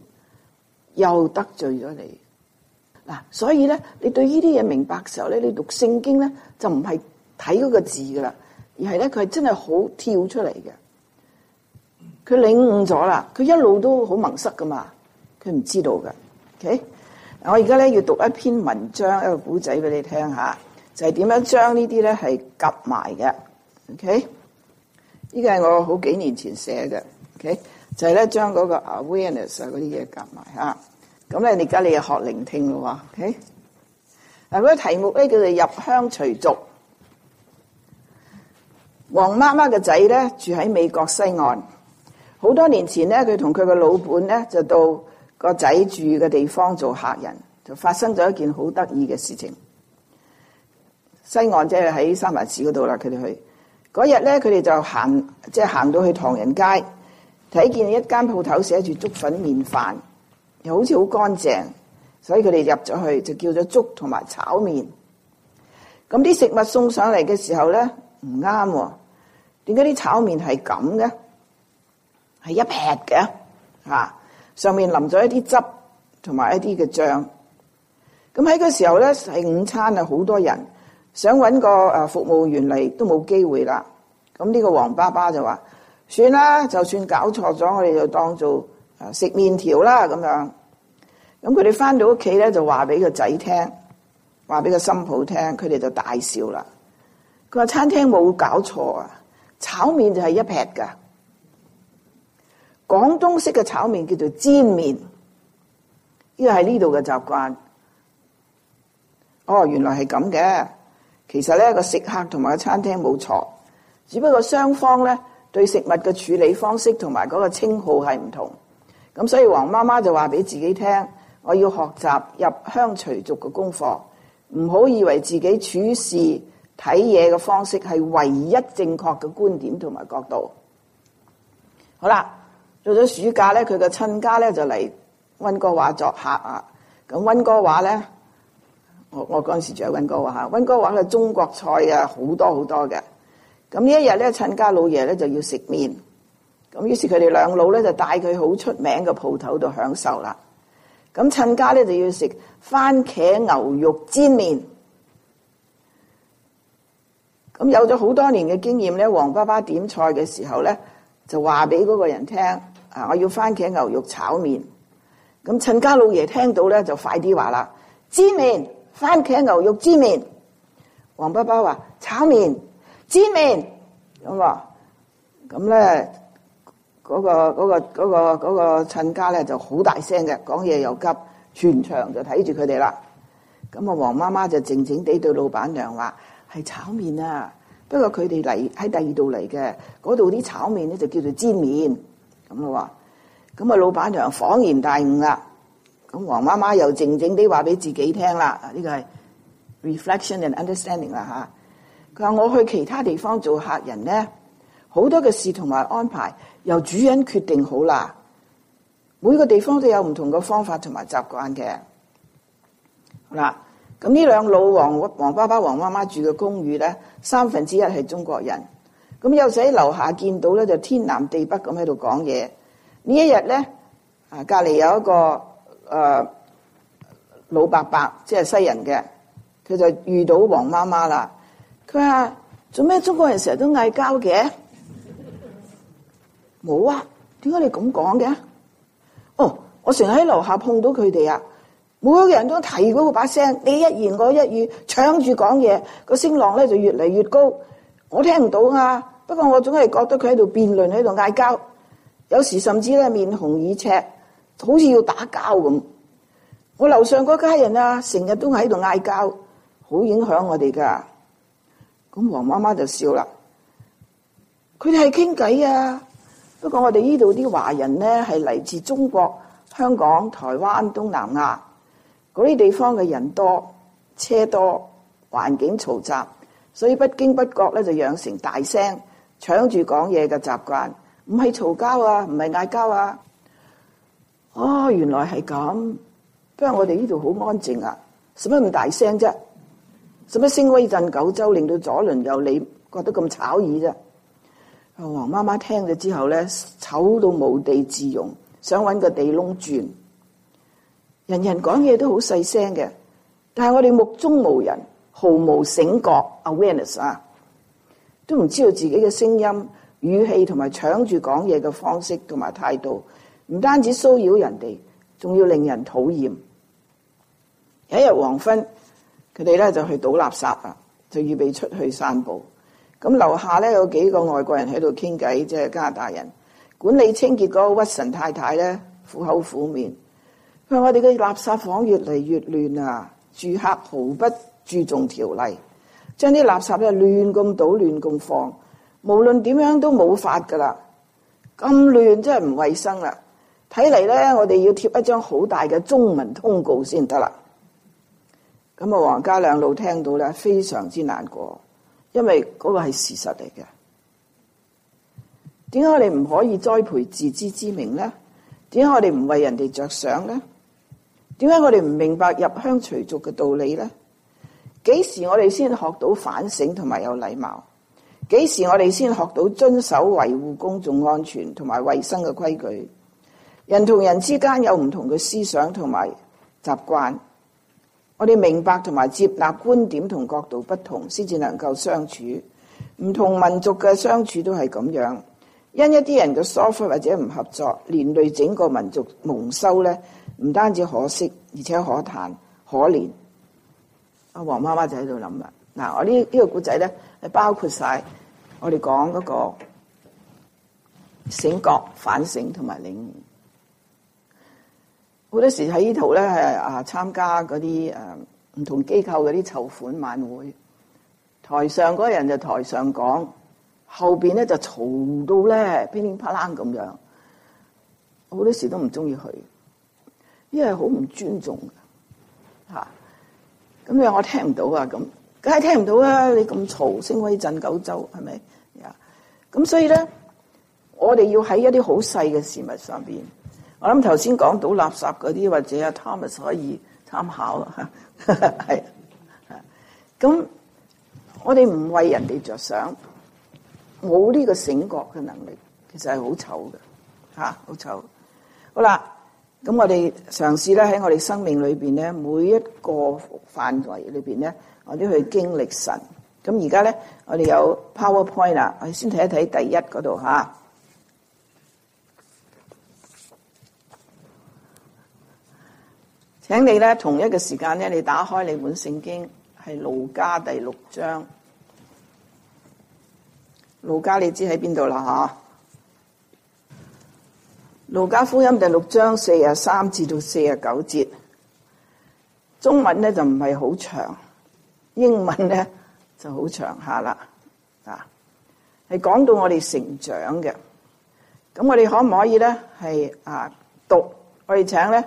又得罪咗你嗱，啊，所以咧，你對呢啲嘢，明白嘅時候咧，你讀聖經咧就唔係睇嗰個字噶啦，而係咧佢係真係好跳出嚟嘅，佢領悟咗啦，佢一路都好盲塞噶嘛，佢唔知道噶。OK，我而家咧要讀一篇文章一個古仔俾你聽下，就係點樣將呢啲咧係夾埋嘅。OK，呢個係我好幾年前寫嘅。OK。就係咧，將嗰個 awareness 嗰啲嘢夾埋嚇，咁咧你而家你又學聆聽啦喎，OK？嗱，個題目咧叫做入鄉隨俗。王媽媽嘅仔咧住喺美國西岸，好多年前咧，佢同佢嘅老伴咧就到個仔住嘅地方做客人，就發生咗一件好得意嘅事情。西岸即係喺三藩市嗰度啦，佢哋去嗰日咧，佢哋就行，即係行到去唐人街。睇見一間鋪頭寫住粥粉麵飯，又好似好乾淨，所以佢哋入咗去就叫咗粥同埋炒麵。咁啲食物送上嚟嘅時候咧，唔啱喎。點解啲炒麵係咁嘅？係一劈嘅，嚇、啊！上面淋咗一啲汁同埋一啲嘅醬。咁喺個時候咧，係午餐啊，好多人想搵個誒服務員嚟都冇機會啦。咁呢個黃爸爸就話。算啦，就算搞錯咗，我哋就當做啊食麵條啦咁樣。咁佢哋返到屋企咧，就話俾個仔聽，話俾個新抱聽，佢哋就大笑啦。佢話餐廳冇搞錯啊，炒麵就係一撇噶。廣東式嘅炒麵叫做煎麵，呢個係呢度嘅習慣。哦，原來係咁嘅。其實咧，個食客同埋個餐廳冇錯，只不過雙方咧。對食物嘅處理方式同埋嗰個稱號係唔同，咁所以黃媽媽就話俾自己聽：我要學習入鄉隨俗嘅功課，唔好以為自己處事睇嘢嘅方式係唯一正確嘅觀點同埋角度。好啦，到咗暑假咧，佢嘅親家咧就嚟温哥華作客啊。咁温哥華咧，我我嗰陣時住喺温哥華嚇，温哥華嘅中國菜啊好多好多嘅。咁呢一日咧，趁家老爺就要食麵，咁於是佢哋兩老咧就帶佢好出名嘅鋪頭度享受啦。咁趁家就要食番茄牛肉煎麵。咁有咗好多年嘅經驗咧，黃爸爸點菜嘅時候咧，就話俾嗰個人聽：啊，我要番茄牛肉炒麵。咁趁家老爺聽到咧，就快啲話啦：煎麵，番茄牛肉煎麵。黃爸爸話：炒麵。煎麵咁話，咁咧嗰個嗰個嗰個嗰個親家咧就好大聲嘅，講嘢又急，全場就睇住佢哋啦。咁啊，黃媽媽就靜靜地對老闆娘話：係炒麵啊，不過佢哋嚟喺第二度嚟嘅，嗰度啲炒麵咧就叫做煎麵咁咯。咁啊，老闆娘恍然大悟啦。咁黃媽媽又靜靜地話俾自己聽啦，呢個係 reflection and understanding 啦吓。嗱，我去其他地方做客人咧，好多嘅事同埋安排由主人決定好啦。每個地方都有唔同嘅方法同埋習慣嘅嗱。咁呢、嗯、兩老王王爸爸、王媽媽住嘅公寓咧，三分之一係中國人。咁有時喺樓下見到咧，就天南地北咁喺度講嘢。一呢一日咧，啊隔籬有一個誒、呃、老伯伯，即係西人嘅，佢就遇到王媽媽啦。佢話做咩？中國人成日都嗌交嘅？冇啊，點解你咁講嘅？哦，我成日喺樓下碰到佢哋啊！每個人都提嗰把聲，你一言我一語，搶住講嘢，個聲浪咧就越嚟越高。我聽唔到啊，不過我總係覺得佢喺度辯論，喺度嗌交，有時甚至咧面紅耳赤，好似要打交咁。我樓上嗰家人啊，成日都喺度嗌交，好影響我哋噶。咁黃媽媽就笑啦，佢哋係傾偈啊。不過我哋呢度啲華人咧，係嚟自中國、香港、台灣、東南亞嗰啲地方嘅人多，車多，環境嘈雜，所以不經不覺咧就養成大聲搶住講嘢嘅習慣。唔係嘈交啊，唔係嗌交啊。哦，原來係咁。不過我哋呢度好安靜啊，使乜咁大聲啫？做咩聲威震九州，令到左鄰右里覺得咁嘈耳啫？黃媽媽聽咗之後咧，醜到無地自容，想揾個地窿轉。人人講嘢都好細聲嘅，但係我哋目中無人，毫無醒覺 awareness 啊，都唔知道自己嘅聲音、語氣同埋搶住講嘢嘅方式同埋態度，唔單止騷擾人哋，仲要令人討厭。有一日黃昏，佢哋咧就去倒垃圾啦，就預備出去散步。咁樓下咧有幾個外國人喺度傾偈，即係加拿大人。管理清潔個屈臣太太咧，苦口苦面，佢話我哋嘅垃圾房越嚟越亂啊！住客毫不注重條例，將啲垃圾咧亂咁倒、亂咁放，無論點樣都冇法噶啦！咁亂真係唔衞生啦！睇嚟咧，我哋要貼一張好大嘅中文通告先得啦。咁啊，王家兩老聽到咧，非常之難過，因為嗰個係事實嚟嘅。點解我哋唔可以栽培自知之明咧？點解我哋唔為人哋着想咧？點解我哋唔明白入鄉隨俗嘅道理咧？幾時我哋先學到反省同埋有禮貌？幾時我哋先學到遵守維護公眾安全同埋衛生嘅規矩？人同人之間有唔同嘅思想同埋習慣。我哋明白同埋接納觀點同角度不同，先至能夠相處。唔同民族嘅相處都係咁樣。因一啲人嘅疏忽或者唔合作，連累整個民族蒙羞咧，唔單止可惜，而且可嘆，可憐。阿黃媽媽就喺度諗啦。嗱，我呢呢個故仔咧，係包括晒我哋講嗰個醒覺、反省同埋領悟。好多時喺呢度咧，係啊參加嗰啲誒唔同機構嗰啲籌款晚會，台上嗰人就台上講，後邊咧就嘈到咧噼里啪啦咁樣，好多時都唔中意去，因為好唔尊重吓。咁、啊、你我聽唔到啊，咁梗係聽唔到啦！你咁嘈，聲威震九州，係咪呀？咁、啊、所以咧，我哋要喺一啲好細嘅事物上邊。我諗頭先講到垃圾嗰啲或者阿 Thomas 可以參考啦，係。 咁我哋唔為人哋着想，冇呢個醒覺嘅能力，其實係好醜嘅，吓，好醜。好啦，咁我哋嘗試咧喺我哋生命裏邊咧每一個範圍裏邊咧，我哋去經歷神。咁而家咧，我哋有 PowerPoint 啦，我哋先睇一睇第一嗰度吓。請你呢，同一個時間呢，你打開你本聖經係路加第六章。路加你知喺邊度啦？嗬、啊，路加福音第六章四十三至到四十九節，中文呢就唔係好長，英文呢就好長下啦。啊，係講到我哋成長嘅，咁我哋可唔可以呢？係啊讀？我哋請呢。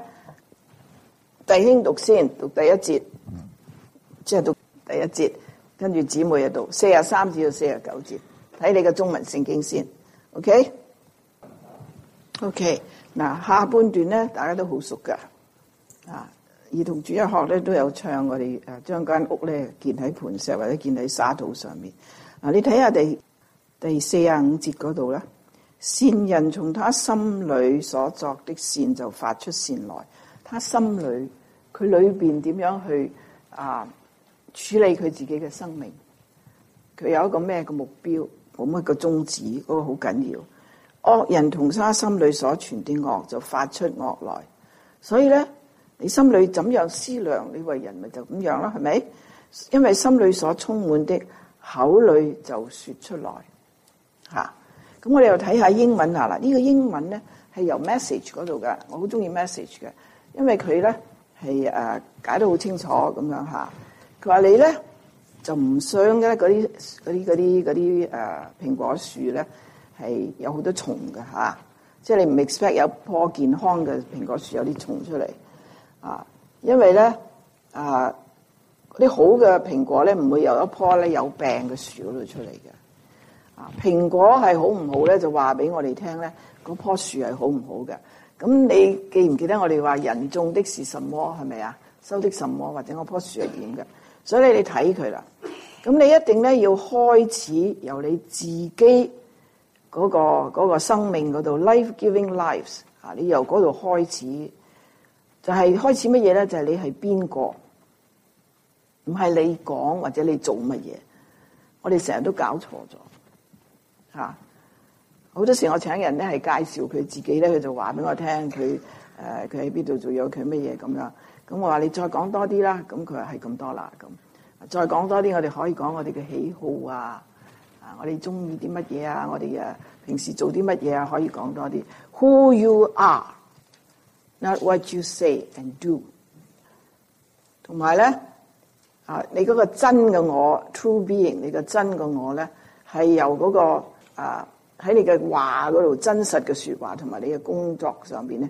弟兄讀先，讀第一節，即係、嗯、讀第一節，跟住姊妹一讀四廿三至到四廿九節，睇你嘅中文聖經先。OK，OK，OK? OK, 嗱下半段咧，大家都好熟㗎。啊，兒童主日學咧都有唱，我哋誒將間屋咧建喺磐石或者建喺沙土上面。嗱，你睇下第第四廿五節嗰度啦，善人從他心裏所作的善就發出善來。他心裏，佢裏邊點樣去啊處理佢自己嘅生命？佢有一個咩嘅目標？咁一個宗旨嗰個好緊要。惡人同沙心裏所存的惡就發出惡來，所以咧你心裏怎樣思量，你為人咪就咁樣啦，係咪？因為心裏所充滿的口裏就説出來嚇。咁、啊、我哋又睇下英文下啦。呢、這個英文咧係由 message 嗰度嘅，我好中意 message 嘅。因為佢咧係誒解得好清楚咁樣嚇，佢話你咧就唔傷嘅。嗰啲嗰啲嗰啲啲誒蘋果樹咧係有好多蟲嘅嚇，即係你唔 expect 有棵健康嘅蘋果樹有啲蟲出嚟啊！因為咧啊啲好嘅蘋果咧唔會有一棵咧有病嘅樹嗰度出嚟嘅啊！蘋果係好唔好咧？就話俾我哋聽咧，嗰棵樹係好唔好嘅。咁你記唔記得我哋話，人種的是什麼係咪啊？收的什麼或者嗰棵樹係點嘅？所以你睇佢啦。咁你一定咧要開始由你自己嗰、嗰個、嗰個嗰個生命嗰度 life giving lives 啊！Ives, 你由嗰度開始，就係、是、開始乜嘢咧？就係、是、你係邊個？唔係你講或者你做乜嘢？我哋成日都搞錯咗，吓、啊。好多時我請人咧係介紹佢自己咧，佢就話俾我聽佢誒佢喺邊度，仲、呃、有佢乜嘢咁樣。咁我話你再講多啲啦，咁佢係咁多啦。咁再講多啲，我哋可以講我哋嘅喜好啊，啊我哋中意啲乜嘢啊，我哋誒、啊、平時做啲乜嘢啊，可以講多啲。Who you are, not what you say and do。同埋咧，啊你嗰個真嘅我，true being，你嘅真嘅、嗰個真嘅我咧係由嗰個啊。呃喺你嘅話嗰度真實嘅説話，同埋你嘅工作上邊咧，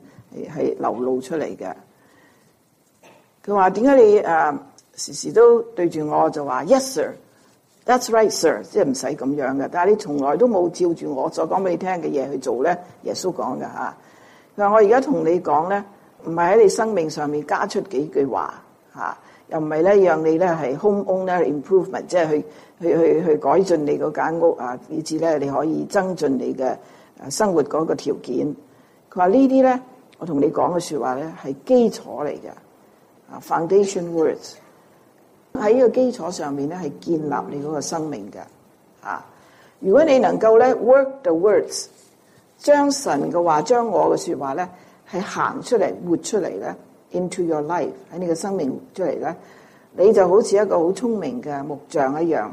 係流露出嚟嘅。佢話點解你啊、uh, 時時都對住我就話 yes sir，that's right sir，即係唔使咁樣嘅。但係你從來都冇照住我所講俾你聽嘅嘢去做咧。耶穌講嘅嚇。嗱，我而家同你講咧，唔係喺你生命上面加出幾句話嚇、啊，又唔係咧讓你咧係 homeowner improvement，即係去。去去去改進你嗰間屋啊，以致咧你可以增進你嘅生活嗰個條件。佢話呢啲咧，我同你講嘅說話咧係基礎嚟嘅，啊 foundation words 喺呢個基礎上面咧係建立你嗰個生命嘅。啊，如果你能夠咧 work the words，將神嘅話將我嘅說話咧係行出嚟活出嚟咧，into your life 喺你嘅生命出嚟咧，你就好似一個好聰明嘅木匠一樣。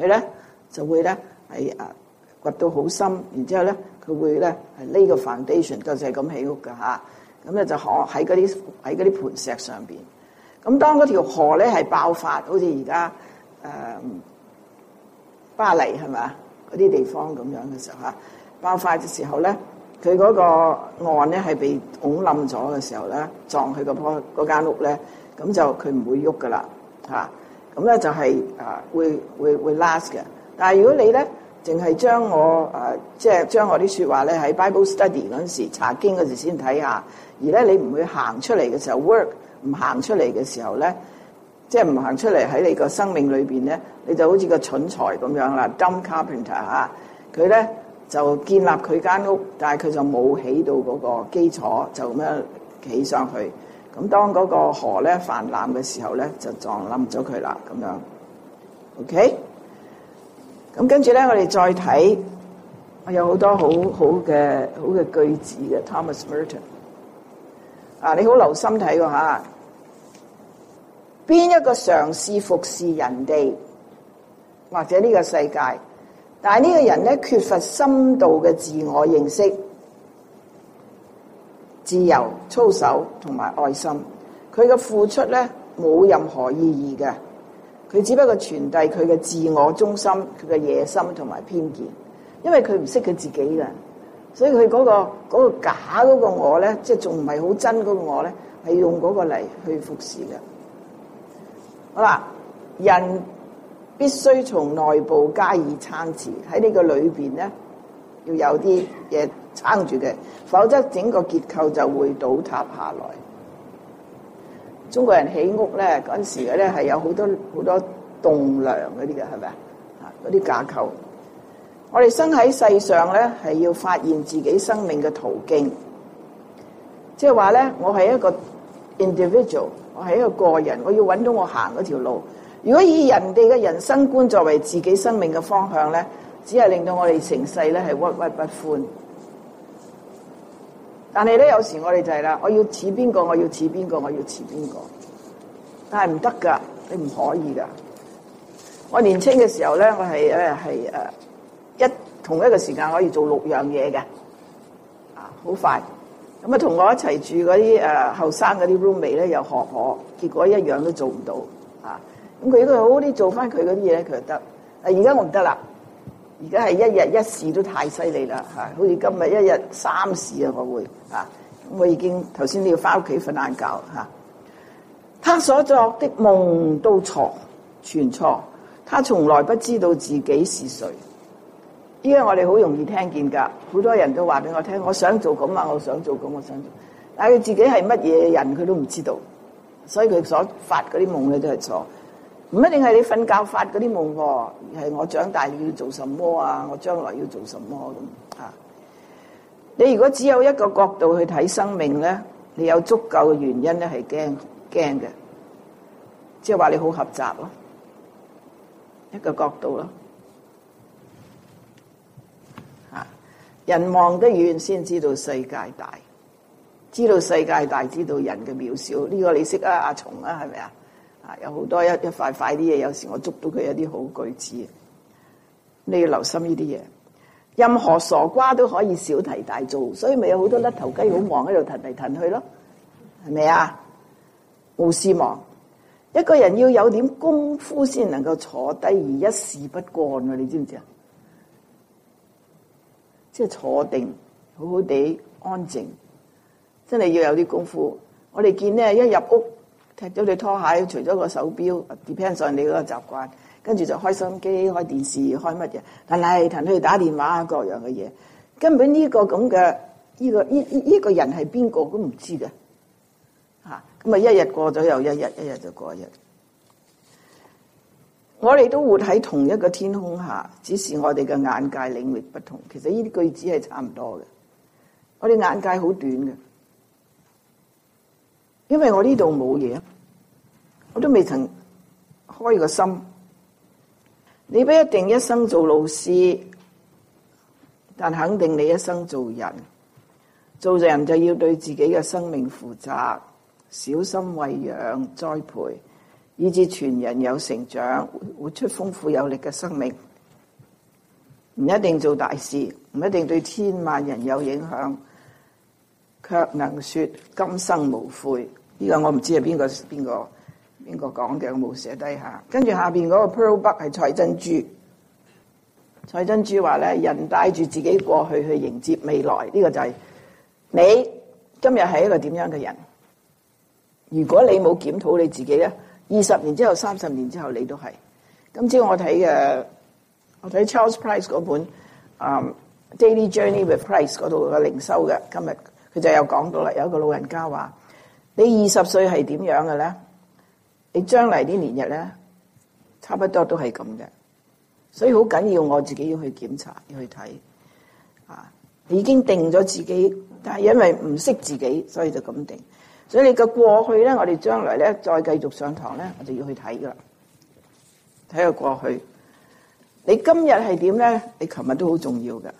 佢咧就會咧係啊掘到好深，然之後咧佢會咧係呢個 foundation，就係咁起屋噶吓，咁、啊、咧就河喺嗰啲喺嗰啲盤石上邊。咁、啊、當嗰條河咧係爆發，好似而家誒巴黎係咪？嗰啲地方咁樣嘅時候嚇、啊，爆發嘅時候咧，佢嗰個岸咧係被拱冧咗嘅時候咧，撞佢個坡嗰間屋咧，咁就佢唔會喐噶啦嚇。啊咁咧就係啊，會會會 last 嘅。但係如果你咧，淨係將我啊、呃，即係將我啲説話咧喺 Bible study 嗰陣時查經嗰時先睇下，而咧你唔會行出嚟嘅時候 work，唔行出嚟嘅時候咧，即係唔行出嚟喺你個生命裏邊咧，你就好似個蠢材咁樣啦。Dumb carpenter 啊，佢咧就建立佢間屋，但係佢就冇起到嗰個基礎，就咁樣企上去。咁當嗰個河咧泛濫嘅時候咧，就撞冧咗佢啦。咁樣，OK。咁跟住咧，我哋再睇，我有好多好好嘅好嘅句子嘅 Thomas Merton。啊，你好留心睇喎吓，邊一個嘗試服侍人哋或者呢個世界，但係呢個人咧缺乏深度嘅自我認識。自由、操守同埋愛心，佢嘅付出咧冇任何意義嘅，佢只不過傳遞佢嘅自我中心、佢嘅野心同埋偏見，因為佢唔識佢自己嘅，所以佢嗰個嗰個假嗰個我咧，即係仲唔係好真嗰個我咧，係用嗰個嚟去服侍嘅。好啦，人必須從內部加以參持，喺呢個裏邊咧，要有啲嘢。撐住嘅，否則整個結構就會倒塌下來。中國人起屋咧，嗰陣時嘅咧係有好多好多棟樑嗰啲嘅，係咪啊？嗰啲架構。我哋生喺世上咧，係要發現自己生命嘅途徑。即係話咧，我係一個 individual，我係一個個人，我要揾到我行嗰條路。如果以人哋嘅人生觀作為自己生命嘅方向咧，只係令到我哋成世咧係屈屈不歡。但係咧，有時我哋就係、是、啦，我要似邊個，我要似邊個，我要似邊個，但係唔得噶，你唔可以噶。我年輕嘅時候咧，我係誒係誒一同一個時間，可以做六樣嘢嘅，啊好快。咁啊，同我一齊住嗰啲誒後生嗰啲 roommate 咧，又學我，結果一樣都做唔到啊。咁佢都好啲，做翻佢嗰啲嘢咧，佢就得。啊，而家我唔得啦。而家係一日一試都太犀利啦嚇！好似今日一日三試啊，我會啊，我已經頭先都要翻屋企瞓晏覺嚇。他所作的夢都錯，全錯。他從來不知道自己是誰。因為我哋好容易聽見㗎，好多人都話俾我聽，我想做咁啊，我想做咁，我想做。但係佢自己係乜嘢人，佢都唔知道，所以佢所發嗰啲夢咧都係錯。唔一定係你瞓覺發嗰啲夢喎，係我長大要做什麼啊？我將來要做什麼咁啊？你如果只有一個角度去睇生命咧，你有足夠嘅原因咧，係驚驚嘅，即係話你好複雜咯，一個角度咯，啊！人望得遠先知道世界大，知道世界大知道人嘅渺小，呢個你識啊？阿松啊，係咪啊？啊！有好多一一塊塊啲嘢，有時我捉到佢有啲好句子，你要留心呢啲嘢。任何傻瓜都可以小題大做，所以咪有好多甩頭雞好忙喺度騰嚟騰去咯，係咪啊？無事忙。一個人要有點功夫先能夠坐低而一事不幹。啊！你知唔知啊？即係坐定，好好地安靜，真係要有啲功夫。我哋見呢，一入屋。踢咗對拖鞋，除咗個手表，depends on 你嗰個習慣，跟住就開收音機、開電視、開乜嘢，但係同佢哋打電話，各樣嘅嘢，根本呢個咁嘅呢個呢呢、這個人係邊個都唔知嘅，吓咁啊！一日過咗又一日，一日就過，一日，過一日。我哋都活喺同一個天空下，只是我哋嘅眼界領域不同。其實呢啲句子係差唔多嘅，我哋眼界好短嘅。因為我呢度冇嘢，我都未曾開過心。你不一定一生做老師，但肯定你一生做人。做人就要對自己嘅生命負責，小心餵養栽培，以致全人有成長，活出豐富有力嘅生命。唔一定做大事，唔一定對千萬人有影響，卻能說今生無悔。呢個我唔知係邊個邊個邊個講嘅，我冇寫低下跟住，下邊嗰個 Pearl Buck 係賽珍珠，賽珍珠話咧：人帶住自己過去去迎接未來。呢、這個就係、是、你今日係一個點樣嘅人？如果你冇檢討你自己咧，二十年之後、三十年之後，你都係。今朝我睇嘅，我睇 Charles Price 嗰本《um, Daily Journey with Price》嗰度嘅靈修嘅，今日佢就有講到啦，有一個老人家話。你二十歲係點樣嘅咧？你將來啲年日咧，差不多都係咁嘅，所以好緊要，我自己要去檢查，要去睇。啊，你已經定咗自己，但係因為唔識自己，所以就咁定。所以你嘅過去咧，我哋將來咧，再繼續上堂咧，我就要去睇噶啦，睇個過去。你今日係點咧？你琴日都好重要㗎。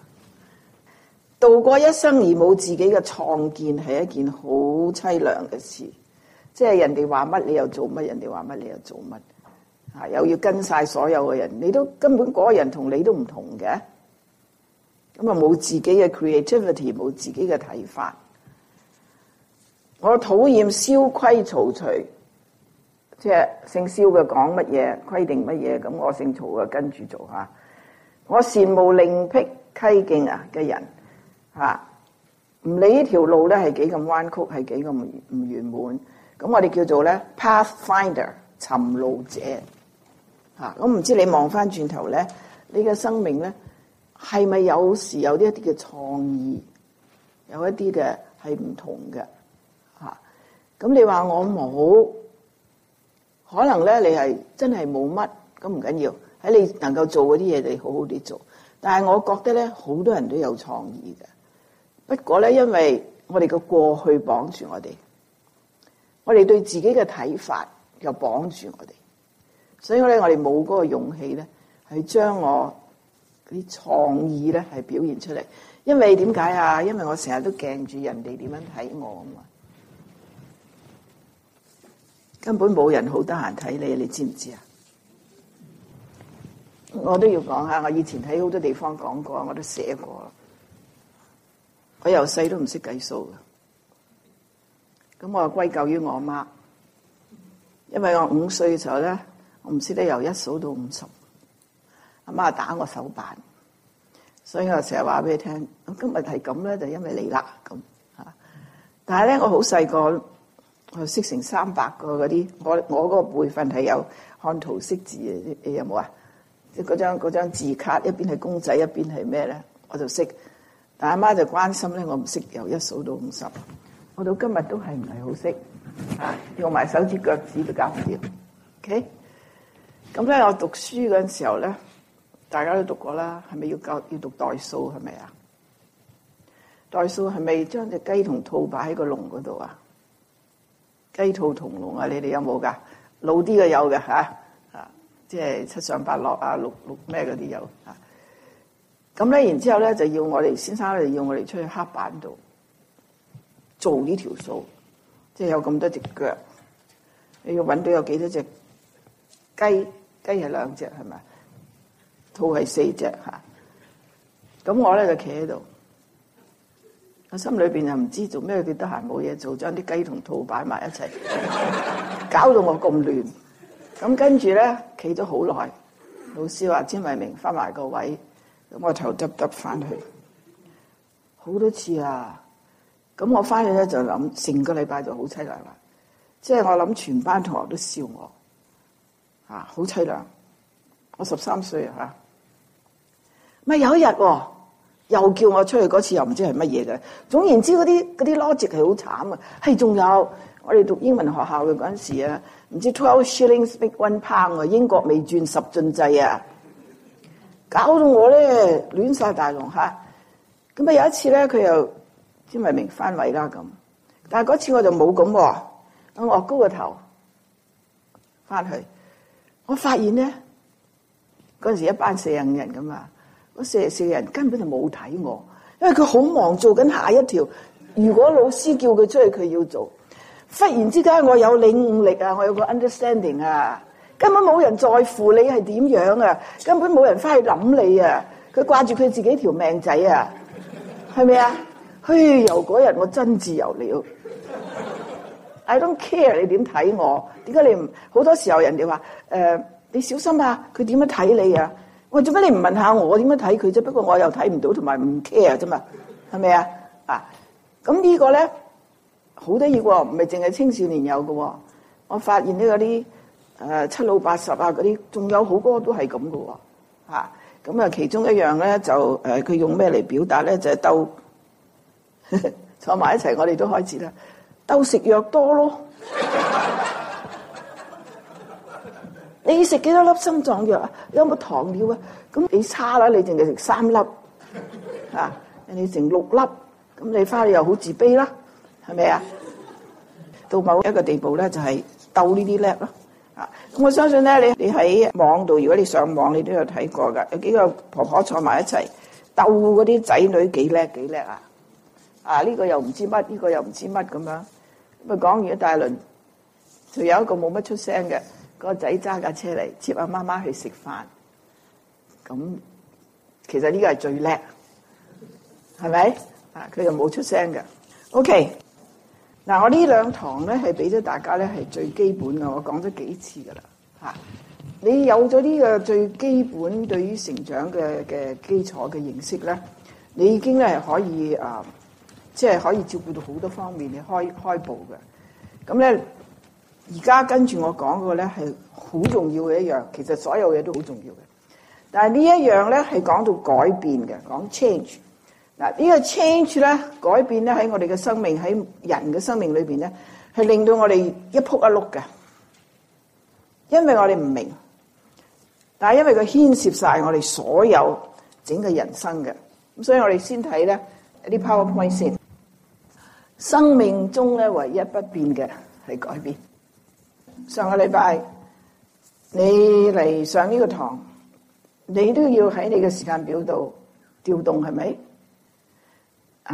度過一生而冇自己嘅創建係一件好淒涼嘅事，即係人哋話乜你又做乜，人哋話乜你又做乜，啊又要跟晒所有嘅人，你都根本嗰個人同你都唔同嘅，咁啊冇自己嘅 creativity，冇自己嘅睇法。我討厭蕭規曹隨，即係姓蕭嘅講乜嘢規定乜嘢，咁我姓曹嘅跟住做啊。我羨慕另辟蹊徑啊嘅人。嚇，唔理呢條路咧係幾咁彎曲，係幾咁唔唔圓滿，咁我哋叫做咧 Pathfinder 尋路者嚇。咁唔知你望翻轉頭咧，你嘅生命咧係咪有時有啲一啲嘅創意，有一啲嘅係唔同嘅嚇？咁你話我冇，可能咧你係真係冇乜，咁唔緊要，喺你能夠做嗰啲嘢，你好好哋做。但係我覺得咧，好多人都有創意嘅。不過呢，因為我哋嘅過去綁住我哋，我哋對自己嘅睇法又綁住我哋，所以咧我哋冇嗰個勇氣呢，係將我啲創意呢係表現出嚟。因為點解啊？因為我成日都驚住人哋點樣睇我嘛，根本冇人好得閒睇你，你知唔知啊？我都要講下，我以前喺好多地方講過，我都寫過。我由細都唔識計數嘅，咁我又歸咎於我媽，因為我五歲時候呢，我唔識咧，由一數到五十，阿媽打我手板，所以我成日話俾你聽，咁今日係咁咧，就是，因為你啦，咁但係咧，我好細個，我識成三百個嗰啲，我我嗰個輩份係有看圖識字嘅，你有冇啊？即嗰張嗰張字卡，一邊係公仔，一邊係咩呢？我就識。阿媽就關心呢，我唔識由一數到五十，我到今日都係唔係好識，用埋手指腳趾都搞唔掂。OK，咁、嗯、咧、嗯、我讀書嗰陣時候咧，大家都讀過啦，係咪要搞要讀代數係咪啊？代數係咪將隻雞同兔擺喺個籠嗰度啊？雞兔同籠啊！你哋有冇噶？老啲嘅有嘅嚇啊，啊，即係七上八落啊，六六咩嗰啲有啊。咁咧，然之後咧，就要我哋先生，要我哋出去黑板度做呢條數，即係有咁多隻腳，你要揾到有幾多隻雞？雞係兩隻係咪？兔係四隻嚇。咁我咧就企喺度，我心裏邊就唔知做咩，佢得閒冇嘢做，將啲雞同兔擺埋一齊，搞到我咁亂。咁跟住咧，企咗好耐，老師話：詹維明，返埋個位。我頭耷耷翻去，好多次啊！咁我翻去咧就諗，成個禮拜就好淒涼啦。即係我諗，全班同學都笑我，吓、啊、好淒涼。我十三歲吓，咪、啊、有一日、啊、又叫我出去嗰次，又唔知係乜嘢嘅。總言之，嗰啲啲 logic 係好慘啊！係仲有我哋讀英文學校嘅嗰陣時啊，唔知 twelve shillings make one pound 啊，英國未轉十進制啊。搞到我咧亂晒大龍吓！咁啊有一次咧，佢又詹維明翻位啦咁，但係嗰次我就冇咁喎，我昂高個頭翻去，我發現咧，嗰陣時一班四十五人咁啊，嗰四十四個人根本就冇睇我，因為佢好忙做緊下一條，如果老師叫佢出去，佢要做，忽然之間我有領悟力啊，我有個 understanding 啊！根本冇人在乎你係點樣啊！根本冇人翻去諗你啊！佢掛住佢自己條命仔啊，係咪啊？嘿、呃！由嗰日我真自由了。I don't care 你點睇我？點解你唔好多時候人哋話誒？你小心啊！佢點樣睇你啊？我做咩你唔問下我點樣睇佢啫？不過我又睇唔到同埋唔 care 啫嘛，係咪啊？啊！咁呢個咧好得意喎，唔係淨係青少年有嘅喎。我發現呢嗰啲。誒七老八十啊！嗰啲仲有好多都係咁㗎喎，吓咁啊！其中一樣咧就誒，佢用咩嚟表達咧？就係鬥坐埋一齊，我哋都開始啦。鬥食藥多咯，你食幾多粒心臟藥啊？有冇糖尿啊？咁幾差啦！你淨係食三粒啊？你食六粒，咁你返嚟又好自卑啦，係咪啊？到某一個地步咧，就係鬥呢啲叻咯。我相信咧，你你喺網度，如果你上網，你都有睇過㗎。有幾個婆婆坐埋一齊鬥嗰啲仔女幾叻幾叻啊！啊、呢、呢個又唔知乜，呢、呢個又唔知乜咁樣。咁啊講完一大輪，就有一個冇乜出聲嘅、嗰個仔揸架車嚟接阿媽媽去食飯。咁其實呢個係最叻，係咪？啊，佢又冇出聲嘅。OK。嗱，我呢兩堂咧係俾咗大家咧係最基本咯，我講咗幾次噶啦嚇。你有咗呢個最基本對於成長嘅嘅基礎嘅認識咧，你已經咧係可以啊，即係可以照顧到好多方面，你開開步嘅。咁咧而家跟住我講個咧係好重要嘅一樣，其實所有嘢都好重要嘅。但係呢一樣咧係講到改變嘅，講 change。嗱，呢個 change 咧，改變咧，喺我哋嘅生命，喺人嘅生命裏邊咧，係令到我哋一仆一碌嘅。因為我哋唔明，但係因為佢牽涉曬我哋所有整個人生嘅，咁所以我哋先睇咧啲 PowerPoint 先。生命中咧唯一不變嘅係改變。上個禮拜你嚟上呢個堂，你都要喺你嘅時間表度調動，係咪？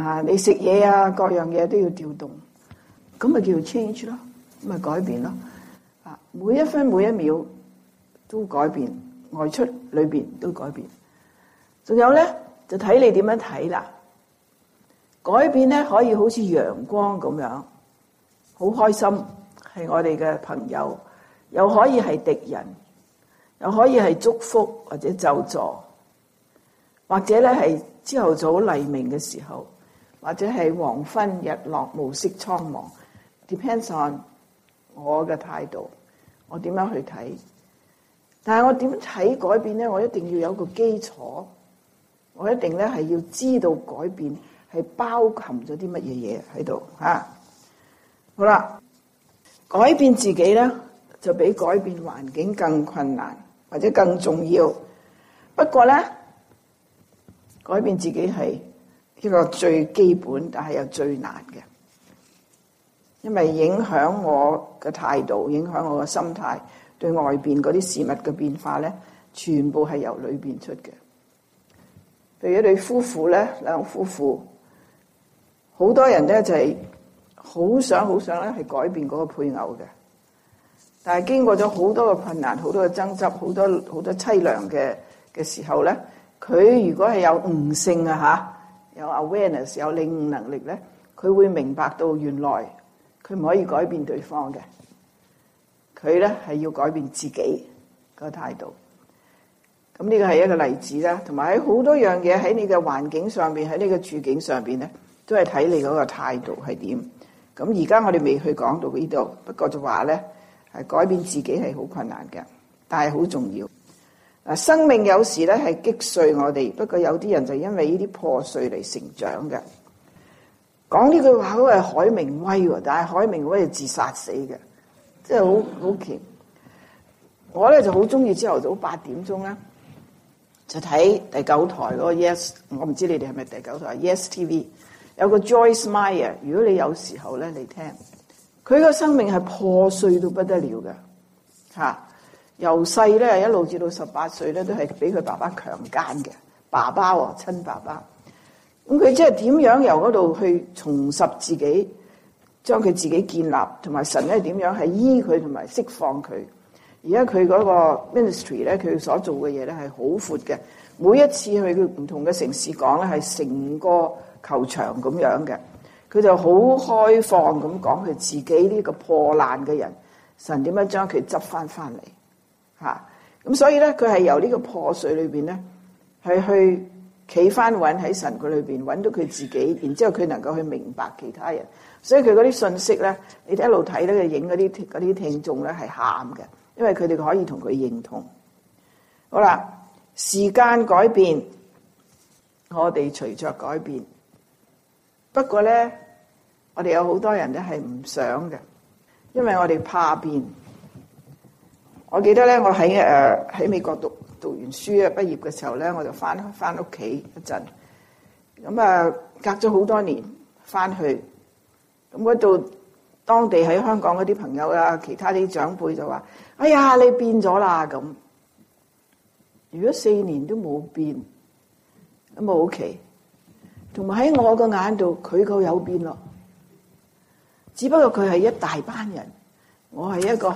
啊！你食嘢啊，各樣嘢都要調動，咁咪叫 change 咯，咁咪改變咯。啊，每一分每一秒都改變，外出裏邊都改變。仲有咧，就睇你點樣睇啦。改變咧，可以好似陽光咁樣，好開心，係我哋嘅朋友，又可以係敵人，又可以係祝福或者就助，或者咧係朝頭早黎明嘅時候。或者係黃昏日落暮色蒼茫，depends on 我嘅態度，我點樣去睇？但係我點睇改變咧？我一定要有個基礎，我一定咧係要知道改變係包含咗啲乜嘢嘢喺度嚇。好啦，改變自己咧就比改變環境更困難或者更重要。不過咧，改變自己係。一個最基本，但係又最難嘅，因為影響我嘅態度，影響我嘅心態，對外邊嗰啲事物嘅變化呢，全部係由裏邊出嘅。譬如一對夫婦呢，兩夫婦，好多人呢就係好想好想呢去改變嗰個配偶嘅。但係經過咗好多嘅困難，好多嘅爭執，好多好多淒涼嘅嘅時候呢，佢如果係有悟性啊，嚇！有 awareness，有領悟能力咧，佢會明白到原來佢唔可以改變對方嘅，佢咧係要改變自己個態度。咁呢個係一個例子啦，同埋喺好多樣嘢喺你嘅環境上邊，喺你個處境上邊咧，都係睇你嗰個態度係點。咁而家我哋未去講到呢度，不過就話咧，係改變自己係好困難嘅，但係好重要。生命有時咧係擊碎我哋，不過有啲人就因為呢啲破碎嚟成長嘅。講呢句話好係海明威喎，但係海明威係自殺死嘅，真係好好奇。我咧就好中意朝頭早八點鐘咧就睇第九台嗰個 Yes，我唔知你哋係咪第九台 Yes TV 有個 Joyce Meyer，如果你有時候咧你聽，佢個生命係破碎到不得了嘅，嚇。由細咧一路至到十八歲咧，都係俾佢爸爸強奸嘅，爸爸喎，親爸爸。咁佢即係點樣由度去重拾自己，將佢自己建立，同埋神咧點樣係醫佢同埋釋放佢。而家佢個 ministry 咧，佢所做嘅嘢咧係好闊嘅。每一次去佢唔同嘅城市講咧，係成個球場咁樣嘅。佢就好開放咁講佢自己呢個破爛嘅人，神點樣將佢執翻翻嚟？嚇！咁、啊、所以咧，佢係由呢個破碎裏邊咧，係去企翻穩喺神佢裏邊，揾到佢自己，然之後佢能夠去明白其他人。所以佢嗰啲信息咧，你一路睇到佢影嗰啲啲聽眾咧係喊嘅，因為佢哋可以同佢認同。好啦，時間改變，我哋隨着改變。不過咧，我哋有好多人咧係唔想嘅，因為我哋怕變。我記得咧，我喺誒喺美國讀讀完書啊，畢業嘅時候咧，我就翻翻屋企一陣。咁啊，隔咗好多年翻去，咁我度當地喺香港嗰啲朋友啊，其他啲長輩就話：「哎呀，你變咗啦！咁，如果四年都冇變，咁咪好奇。同埋喺我個眼度，佢個有變咯。只不過佢係一大班人，我係一個。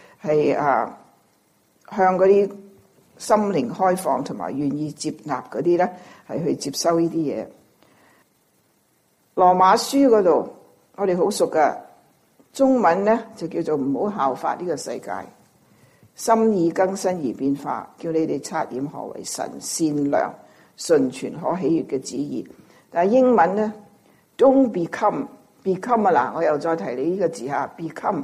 係啊，向嗰啲心靈開放同埋願意接納嗰啲咧，係去接收呢啲嘢。羅馬書嗰度，我哋好熟噶，中文咧就叫做唔好效法呢個世界，心意更新而變化，叫你哋察驗何為神善良、純全可喜悅嘅旨意。但係英文咧，Don't become become 啊嗱，我又再提你呢個字吓，become。Become,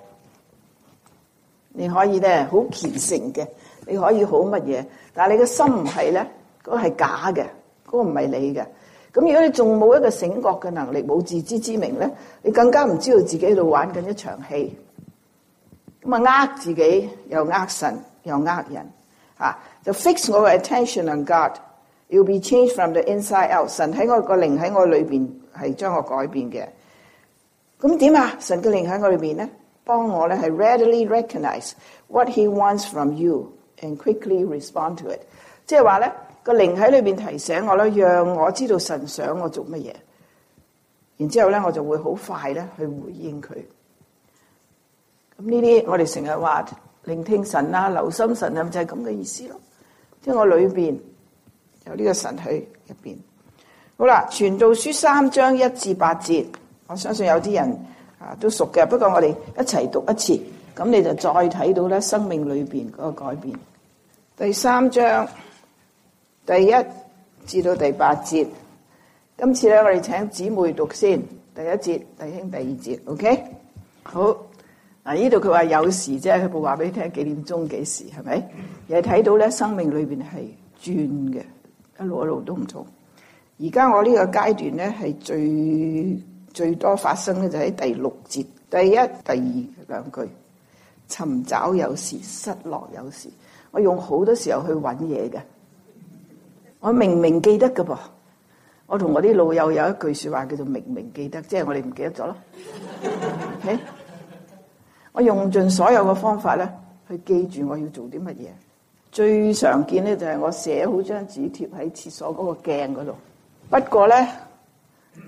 你可以咧好虔誠嘅，你可以好乜嘢，但係你嘅心唔係咧，嗰個係假嘅，嗰個唔係你嘅。咁如果你仲冇一個醒覺嘅能力，冇自知之明咧，你更加唔知道自己喺度玩緊一場戲，咁啊呃自己又呃神又呃人，吓、so、就 fix 我嘅 attention on God，要 be changed from the inside out 神。神喺我個靈喺我裏邊係將我改變嘅，咁點啊？神嘅靈喺我裏邊咧？幫我咧，係 readily recognize what he wants from you and quickly respond to it，即係話，咧個靈喺裏邊提醒我咧，讓我知道神想我做乜嘢，然之後咧，我就會好快咧去回應佢。咁呢啲我哋成日話聆聽神啊、留心神啊，就係咁嘅意思咯。即係我裏邊有呢個神喺入邊。好啦，《傳道書》三章一至八節，我相信有啲人。啊，都熟嘅，不過我哋一齊讀一次，咁你就再睇到咧生命裏邊嗰個改變。第三章第一至到第八節，今次咧我哋請姊妹讀先，第一節弟兄第二節，OK？好，嗱呢度佢話有時即係佢冇話俾你聽幾點鐘幾時，係咪？又係睇到咧生命裏邊係轉嘅，一路一路都唔同。而家我呢個階段咧係最。最多發生咧就喺第六節第一、第二兩句，尋找有時，失落有時。我用好多時候去揾嘢嘅，我明明記得㗎噃。我同我啲老友有一句説話叫做明明記得，即係我哋唔記得咗咯。 okay? 我用盡所有嘅方法咧，去記住我要做啲乜嘢。最常見咧就係我寫好張紙貼喺廁所嗰個鏡嗰度。不過咧。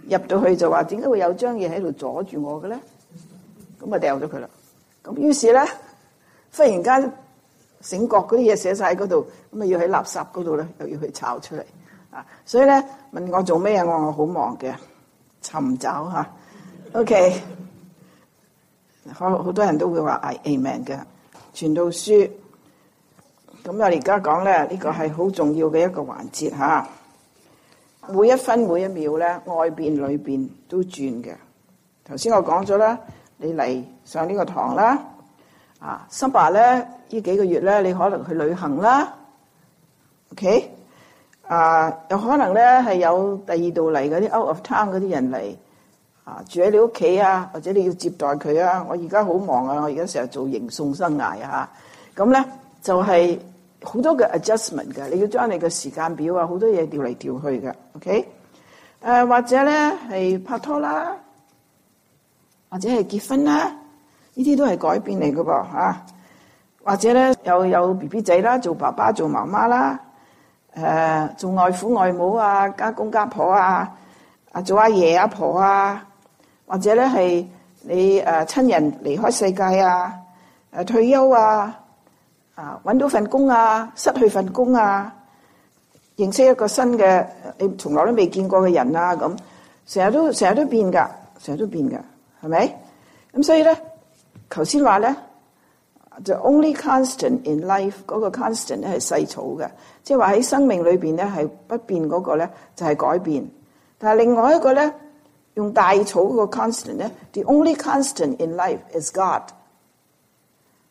入到去就話，點解會有張嘢喺度阻住我嘅咧？咁啊掉咗佢啦。咁於是咧，忽然間醒覺嗰啲嘢寫晒喺嗰度，咁啊要喺垃圾嗰度咧，又要去抄出嚟啊！所以咧問我做咩啊？我我好忙嘅，尋找嚇、啊。OK，好，好多人都會話 Amen 嘅，傳道書。咁啊，而家講咧，呢個係好重要嘅一個環節嚇。啊每一分每一秒咧，外邊裏邊都轉嘅。頭先我講咗啦，你嚟上呢個堂啦，啊，Simba 咧，呢幾個月咧，你可能去旅行啦，OK，啊，有可能咧係有第二度嚟嗰啲 out of town 嗰啲人嚟，啊，住喺你屋企啊，或者你要接待佢啊。我而家好忙啊，我而家成日做迎送生涯啊，咁咧就係。好多嘅 adjustment 嘅，你要將你嘅時間表啊，好多嘢調嚟調去噶，OK？誒、呃、或者咧係拍拖啦，或者係結婚啦，呢啲都係改變嚟嘅噃嚇。或者咧又有 B B 仔啦，做爸爸做媽媽啦，誒、呃、做外父外母啊，家公家婆啊，啊做阿爺阿、啊、婆啊，或者咧係你誒、呃、親人離開世界啊，誒、呃、退休啊。啊！揾到份工啊，失去份工啊，認識一個新嘅你從來都未見過嘅人啊，咁成日都成日都變噶，成日都變噶，係咪？咁、嗯、所以咧，頭先話咧就 only constant in life 嗰個 constant 咧係細草嘅，即係話喺生命裏邊咧係不變嗰個咧就係、是、改變。但係另外一個咧用大草個 constant 咧，The only constant in life is God。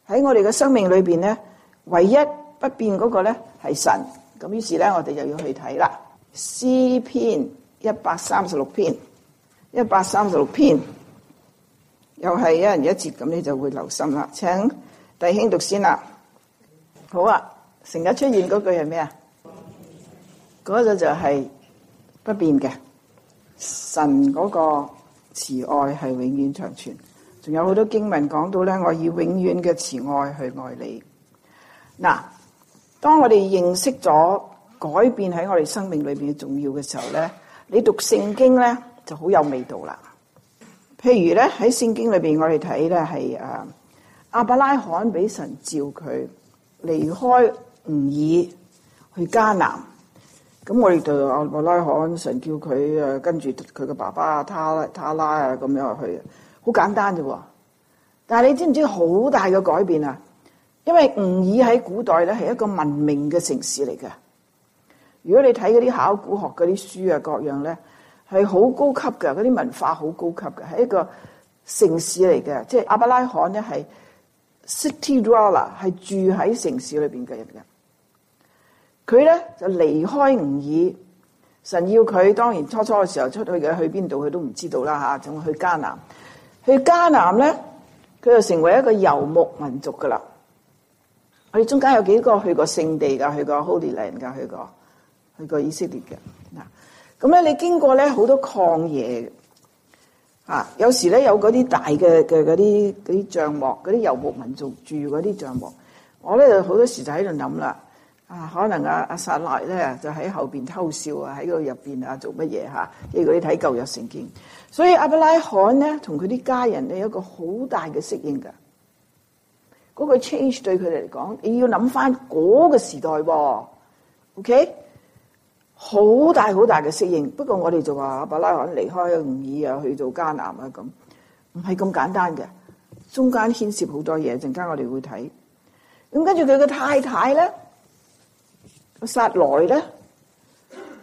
喺我哋嘅生命裏邊咧。唯一不變嗰個咧係神，咁於是咧我哋就要去睇啦。詩篇一百三十六篇，一百三十六篇又係一人一節咁，你就會留心啦。請弟兄讀先啦。好啊，成日出現嗰句係咩啊？嗰個就係不變嘅神嗰個慈愛係永遠長存，仲有好多經文講到咧，我以永遠嘅慈愛去愛你。嗱，當我哋認識咗改變喺我哋生命裏邊嘅重要嘅時候咧，你讀聖經咧就好有味道啦。譬如咧喺聖經裏邊，我哋睇咧係誒，亞伯拉罕俾神召佢離開吾珥去迦南。咁我哋對阿伯拉罕，神叫佢誒跟住佢嘅爸爸他他拉啊咁樣去，好簡單啫。但係你知唔知好大嘅改變啊？因為吳爾喺古代咧係一個文明嘅城市嚟嘅。如果你睇嗰啲考古學嗰啲書啊，各樣咧係好高級嘅，嗰啲文化好高級嘅，係一個城市嚟嘅。即係亞伯拉罕咧係 city dweller，係住喺城市裏邊嘅人嘅。佢咧就離開吳爾，神要佢，當然初初嘅時候出去嘅，去邊度佢都唔知道啦，嚇，仲去迦南。去迦南咧，佢就成為一個遊牧民族噶啦。我哋中間有幾個去過聖地㗎，去過 Holy Land 㗎，去過去過以色列㗎。嗱，咁咧你經過咧好多曠野，啊，有時咧有嗰啲大嘅嘅嗰啲嗰啲帳幕，嗰啲遊牧民族住嗰啲帳幕。我咧好多時就喺度諗啦，啊，可能阿阿撒拉咧就喺後邊偷笑啊，喺度入邊啊做乜嘢嚇？即係嗰啲睇舊約聖經，所以亞伯拉罕咧同佢啲家人咧有一個好大嘅適應㗎。嗰個 change 對佢哋嚟講，你要諗翻嗰個時代喎，OK？好大好大嘅適應。不過我哋就話亞伯拉罕離開吾珥啊，去做迦南啊咁，唔係咁簡單嘅。中間牽涉好多嘢，陣間我哋會睇。咁跟住佢嘅太太咧，個撒萊咧，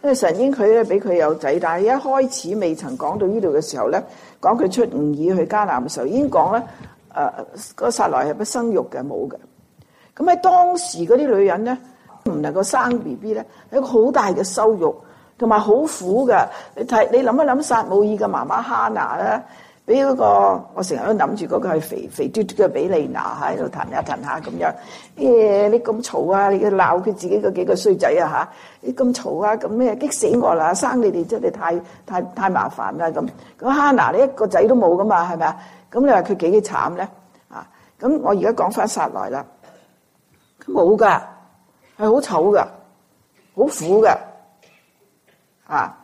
因為神應佢咧畀佢有仔，但係一開始未曾講到呢度嘅時候咧，講佢出吾珥去迦南嘅時候已經講咧。誒、呃那個撒萊係不生育嘅，冇嘅。咁喺當時嗰啲女人咧，唔能夠生 B B 咧，係一個好大嘅羞辱，同埋好苦嘅。你睇，你諗一諗撒母耳嘅媽媽哈娜咧，俾嗰個我成日都諗住嗰個係肥肥嘟嘟嘅比利娜喺度彈下彈下咁樣。耶、欸！你咁嘈啊！你鬧佢自己嘅幾個衰仔啊！吓，你咁嘈啊！咁咩激死我啦！生你哋真係太太太麻煩啦！咁咁哈娜你一個仔都冇㗎嘛，係咪啊？咁你話佢幾咁慘咧？啊！咁我而家講返撒萊啦，佢冇噶，係好醜噶，好苦噶，啊！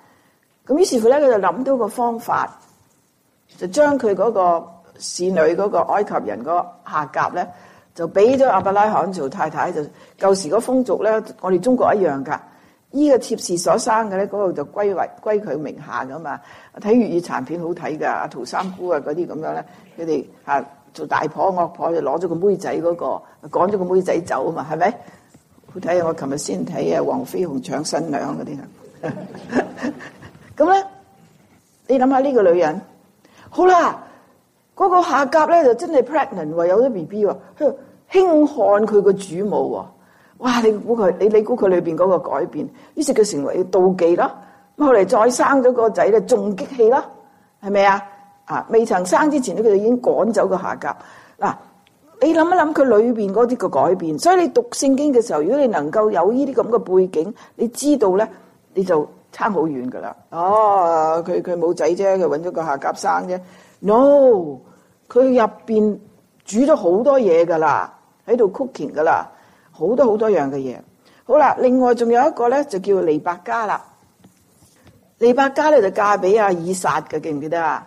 咁於是乎咧，佢就諗到一個方法，就將佢嗰個侍女嗰個埃及人個下嫁咧，就俾咗亞伯拉罕做太太。就舊時嗰風俗咧，我哋中國一樣噶。呢個妾侍所生嘅咧，嗰個就歸為歸佢名下噶嘛。睇粵語殘片好睇噶，阿陶三姑啊嗰啲咁樣咧，佢哋嚇做大婆惡婆，就攞咗個妹仔嗰個，趕咗個妹仔走啊嘛，係咪？睇下我琴日先睇啊，黃飛鴻搶新娘嗰啲啊。咁 咧，你諗下呢個女人，好啦，嗰個夏甲咧就真係 pregnant，話有咗 B B 喎，輕看佢個主母喎。哇！你估佢？你你估佢裏邊嗰個改變？於是佢成為妒忌咯。咁後嚟再生咗個仔咧，仲激氣咯，係咪啊？啊，未曾生之前咧，佢就已經趕走個夏甲。嗱、啊，你諗一諗佢裏邊嗰啲個改變，所以你讀聖經嘅時候，如果你能夠有呢啲咁嘅背景，你知道咧，你就差好遠噶啦。哦、啊，佢佢冇仔啫，佢揾咗個夏甲生啫。No，佢入邊煮咗好多嘢噶啦，喺度 cooking 噶啦。好多好多樣嘅嘢，好啦，另外仲有一個咧，就叫利百加啦。利百加咧就嫁俾阿以撒嘅，記唔記得啊？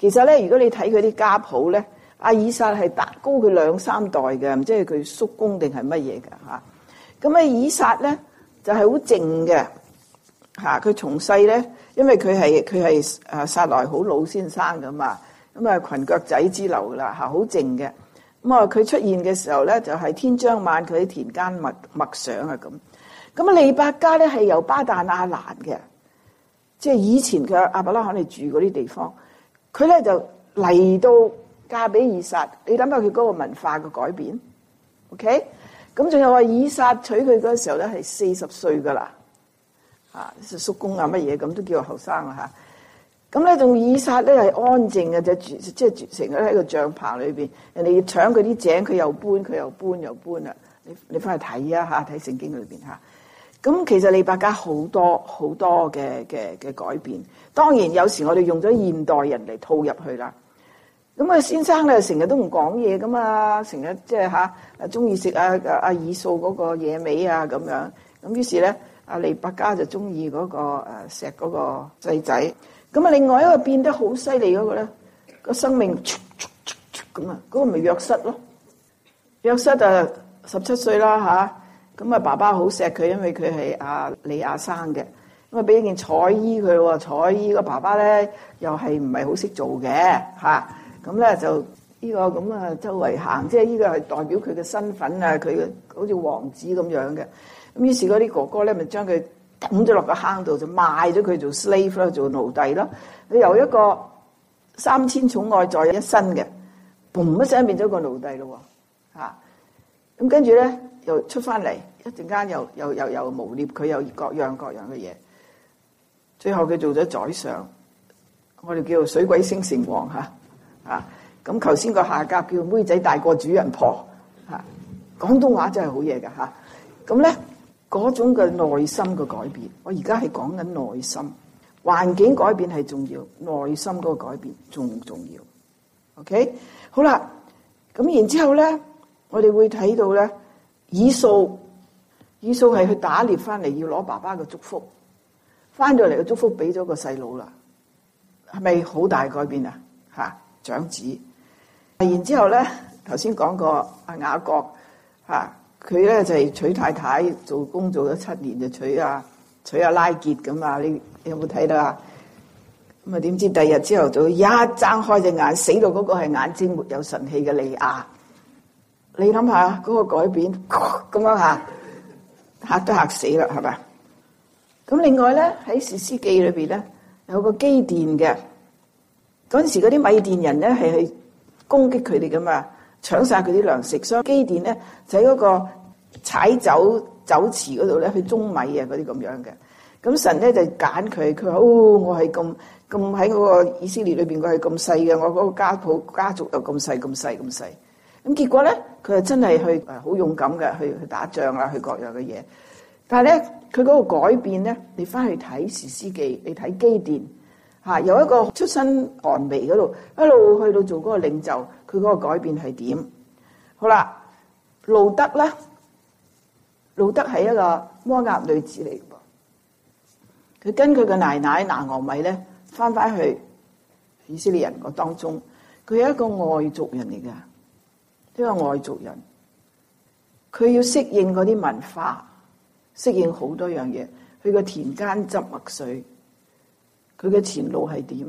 其實咧，如果你睇佢啲家譜咧，阿以撒係達高佢兩三代嘅，唔知係佢叔公定係乜嘢噶吓。咁啊，以撒咧就係好靜嘅，吓，佢從細咧，因為佢係佢係啊撒來好老先生噶嘛，咁啊裙腳仔之流啦，吓，好靜嘅。咁啊，佢出現嘅時候咧，就係天將晚，佢喺田間默默想啊，咁。咁啊，利百加咧係由巴旦亞蘭嘅，即係以前佢阿伯拉罕嚟住嗰啲地方。佢咧就嚟到嫁俾以撒，你諗下佢嗰個文化嘅改變，OK？咁仲有話以撒娶佢嗰時候咧係四十歲噶啦，啊叔公啊乜嘢咁都叫後生啊。咁呢仲以撒咧係安靜嘅，就是、住即係、就是、住成日喺個帳棚裏邊。人哋搶佢啲井，佢又搬，佢又搬，又搬啦。你你翻去睇啊，吓睇聖經裏邊吓。咁其實利百加好多好多嘅嘅嘅改變。當然有時我哋用咗現代人嚟套入去啦。咁啊，先生咧成日都唔講嘢噶嘛，成日即係吓，中意食阿以掃嗰個野味啊咁樣。咁於是咧，阿利百加就中意嗰個誒、啊、石嗰個細仔。咁啊，另外一個變得好犀利嗰個咧，個生命咁、那個、啊，嗰咪約室咯。約室啊，十七歲啦吓，咁啊爸爸好錫佢，因為佢係阿李亞生嘅，咁啊俾件彩衣佢喎、啊，彩衣個爸爸咧又係唔係好識做嘅吓，咁、啊、咧、啊、就呢、這個咁啊周圍行，即係呢個係代表佢嘅身份啊，佢好似王子咁樣嘅。咁於是嗰啲哥哥咧咪將佢。抌咗落個坑度，就賣咗佢做 slave 啦，做奴隸啦。你由一個三千寵愛在一身嘅，嘣一聲變咗個奴隸咯，吓。咁跟住咧又出翻嚟，一陣間又又又又貪佢又各樣各樣嘅嘢。最後佢做咗宰相，我哋叫做水鬼升城隍嚇。啊，咁頭先個下格叫妹仔大過主人婆嚇。廣東話真係好嘢㗎嚇。咁咧。Wha 嗰種嘅內心嘅改變，我而家係講緊內心環境改變係重要，內心嗰個改變仲重要。OK，好啦，咁然之後咧，我哋會睇到咧，以掃，以掃係去打獵翻嚟，要攞爸爸嘅祝福，翻咗嚟嘅祝福俾咗個細佬啦，係咪好大改變啊？嚇，長子。然之後咧，頭先講過阿雅各嚇。啊佢咧就係、是、娶太太，做工做咗七年，就娶阿、啊、娶阿、啊、拉結咁啊！你有冇睇到啊？咁啊，點知第日朝頭早一睜開隻眼，死到嗰個係眼睛沒有神氣嘅利亞。你諗下嗰個改變咁樣嚇，嚇都嚇死啦，係咪？咁另外咧喺《士師記》裏邊咧有個基甸嘅嗰陣時，嗰啲米甸人咧係去攻擊佢哋噶嘛？搶晒佢啲糧食，所以基甸咧就喺嗰個踩酒酒池嗰度咧去中米啊嗰啲咁樣嘅。咁神咧就揀佢，佢話：哦，我係咁咁喺嗰個以色列裏邊，我係咁細嘅，我嗰個家譜家族就咁細咁細咁細。咁結果咧，佢又真係去誒好勇敢嘅去去打仗啦，去各樣嘅嘢。但係咧，佢嗰個改變咧，你翻去睇士師記，你睇基甸。嚇，有一個出身寒微嗰度，一路去到做嗰個領袖，佢嗰個改變係點？好啦，路德咧，路德係一個摩押女子嚟嘅，佢跟佢嘅奶奶拿俄米咧翻返去以色列人嘅當中，佢係一個外族人嚟噶，呢個外族人，佢要適應嗰啲文化，適應好多樣嘢，去個田間執麥穗。佢嘅前路係點？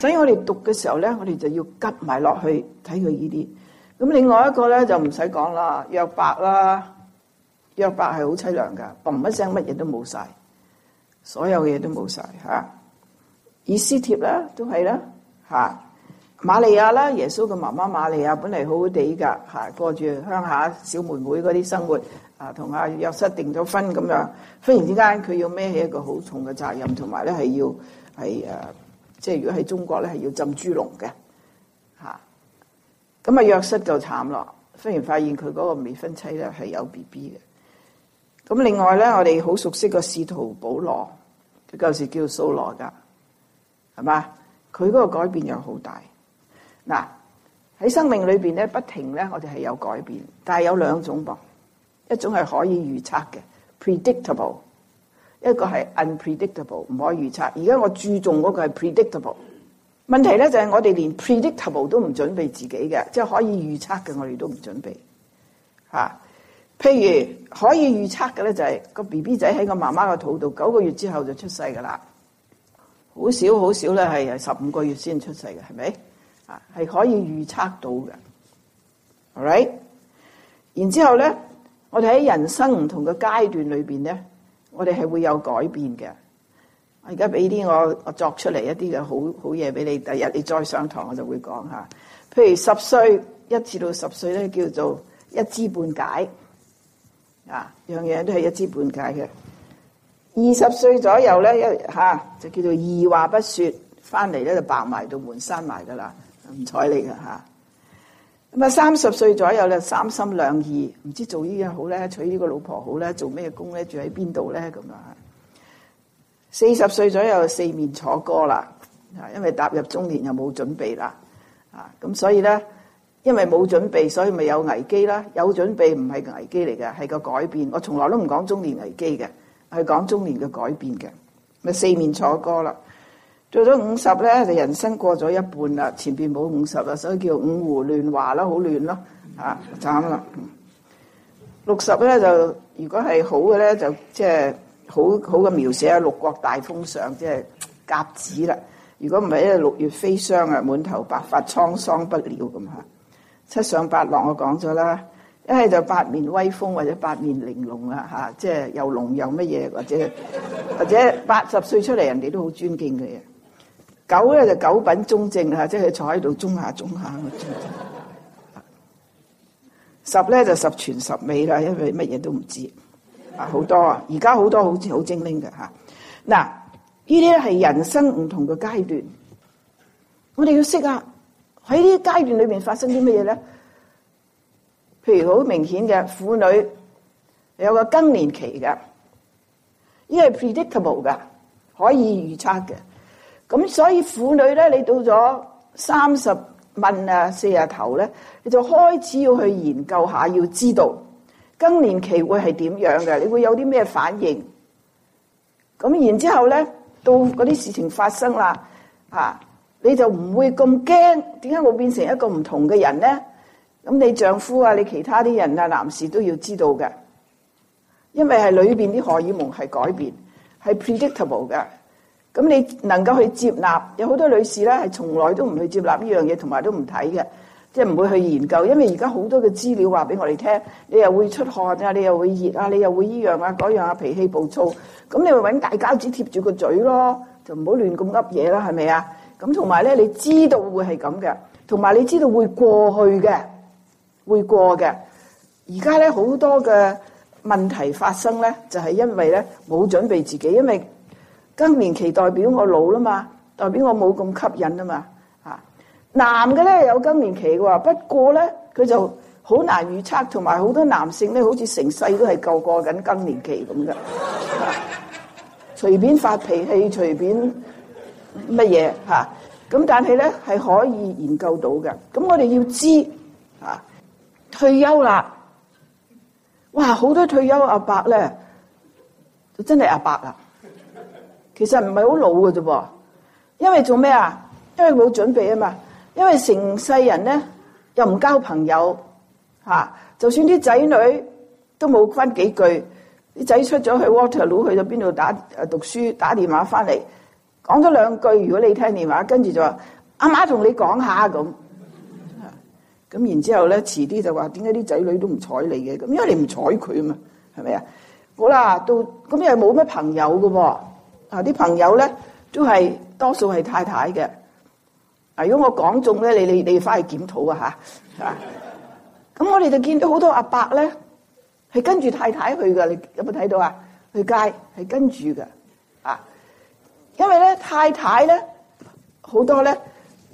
所以我哋讀嘅時候咧，我哋就要急埋落去睇佢依啲。咁另外一個咧就唔使講啦，約伯啦，約伯係好凄涼噶，嘣一聲乜嘢都冇晒，所有嘢都冇晒。嚇、啊。以斯帖啦，都係啦嚇。瑪、啊、利亞啦，耶穌嘅媽媽瑪利亞，本嚟好好地㗎嚇，過住鄉下小妹妹嗰啲生活啊，同阿約瑟定咗婚咁樣，忽然之間佢要孭起一個好重嘅責任，同埋咧係要。係誒，即係如果喺中國咧，係要浸豬籠嘅吓。咁啊，約瑟就慘咯。忽然發現佢嗰個未婚妻咧係有 B B 嘅。咁、啊、另外咧，我哋好熟悉個使徒保羅，佢舊時叫掃羅噶，係嘛？佢嗰個改變又好大。嗱、啊，喺生命裏邊咧，不停咧，我哋係有改變，但係有兩種噃，一種係可以預測嘅，predictable。一個係 unpredictable，唔可以預測。而家我注重嗰個係 predictable。問題咧就係我哋連 predictable 都唔準備自己嘅，即係可以預測嘅，我哋都唔準備嚇，啊。譬如可以預測嘅咧，就係個 BB 仔喺個媽媽嘅肚度九個月之後就出世噶啦。好少好少咧，係十五個月先出世嘅，係咪啊？係可以預測到嘅，Alright，然之後咧，我哋喺人生唔同嘅階段裏邊咧。我哋係會有改變嘅，我而家俾啲我我作出嚟一啲嘅好好嘢，俾你第日你再上堂我就會講吓，譬如十歲一至到十歲咧叫做一知半解，啊樣樣都係一知半解嘅，二十歲左右咧一吓就叫做二話不說，翻嚟咧就白埋到門閂埋噶啦，唔睬你噶吓。啊三十歲左右三心兩意，唔知做呢樣好呢娶呢個老婆好呢做咩工呢住喺邊度呢咁樣。四十歲左右，四面坐歌啦，因為踏入中年又冇準備啦，咁所以呢，因為冇準備，所以咪有危機啦。有準備唔係危機嚟嘅，係個改變。我從來都唔講中年危機嘅，係講中年嘅改變嘅。咪四面楚歌啦。到咗五十咧，就人生過咗一半啦，前邊冇五十啦，所以叫五胡亂華啦，好亂咯，啊，慘啦！六十咧就如果係好嘅咧，就即係好好嘅描寫啊，六國大封相即係甲子啦。如果唔係咧，六月飛霜啊，滿頭白髮，滄桑不了咁吓。七上八落我講咗啦，一係就八面威風或者八面玲瓏啊，吓，即係又龍又乜嘢，或者或者八十歲出嚟，人哋都好尊敬佢嘅。九咧，就九品中正啊，即係坐喺度中下中下。中 十咧，就十全十美啦，因為乜嘢都唔知，好多啊！而家好多好似好精靈㗎。嗱，呢啲係人生唔同嘅階段，我哋要識啊！喺呢啲階段裏面發生啲乜嘢呢？譬如好明顯嘅婦女有個更年期嘅，呢係 predictable 嘅，可以預測嘅。咁所以婦女咧，你到咗三十問啊四啊頭咧，你就開始要去研究下，要知道更年期會係點樣嘅，你會有啲咩反應。咁然之後咧，到嗰啲事情發生啦，嚇、啊、你就唔會咁驚。點解我變成一個唔同嘅人咧？咁你丈夫啊，你其他啲人啊，男士都要知道嘅，因為係裏邊啲荷爾蒙係改變，係 predictable 嘅。咁你能夠去接納，有好多女士咧係從來都唔去接納呢樣嘢，同埋都唔睇嘅，即係唔會去研究，因為而家好多嘅資料話俾我哋聽，你又會出汗啊，你又會熱啊，你又會呢樣啊，嗰樣啊，脾氣暴躁，咁你咪搵大膠紙貼住個嘴咯，就唔好亂咁噏嘢啦，係咪啊？咁同埋咧，你知道會係咁嘅，同埋你知道會過去嘅，會過嘅。而家咧好多嘅問題發生咧，就係因為咧冇準備自己，因為，更年期代表我老啦嘛，代表我冇咁吸引啦嘛，嚇、啊、男嘅咧有更年期嘅，不過咧佢就好難預測，同埋好多男性咧好似成世都係夠過緊更年期咁嘅，隨、啊啊、便發脾氣，隨便乜嘢嚇，咁、啊、但係咧係可以研究到嘅，咁我哋要知嚇、啊、退休啦，哇好多退休阿伯咧就真係阿伯喇！其實唔係好老嘅啫噃，因為做咩啊？因為冇準備啊嘛。因為成世人咧又唔交朋友嚇、啊，就算啲仔女都冇翻幾句。啲仔出咗去 Waterloo 去到邊度打誒讀書，打電話翻嚟講咗兩句。如果你聽電話，媽媽跟住、啊、就話阿媽同你講下咁。咁然之後咧，遲啲就話點解啲仔女都唔睬你嘅咁，因為你唔睬佢啊嘛，係咪啊？好啦，到咁又冇乜朋友嘅噃。啊！啲朋友咧，都係多數係太太嘅。啊，如果我講中咧，你你你翻去檢討下啊吓。咁我哋就見到好多阿伯咧，係跟住太太去噶，啊。你有冇睇到啊？去街係跟住噶。啊，因為咧太太咧好多咧，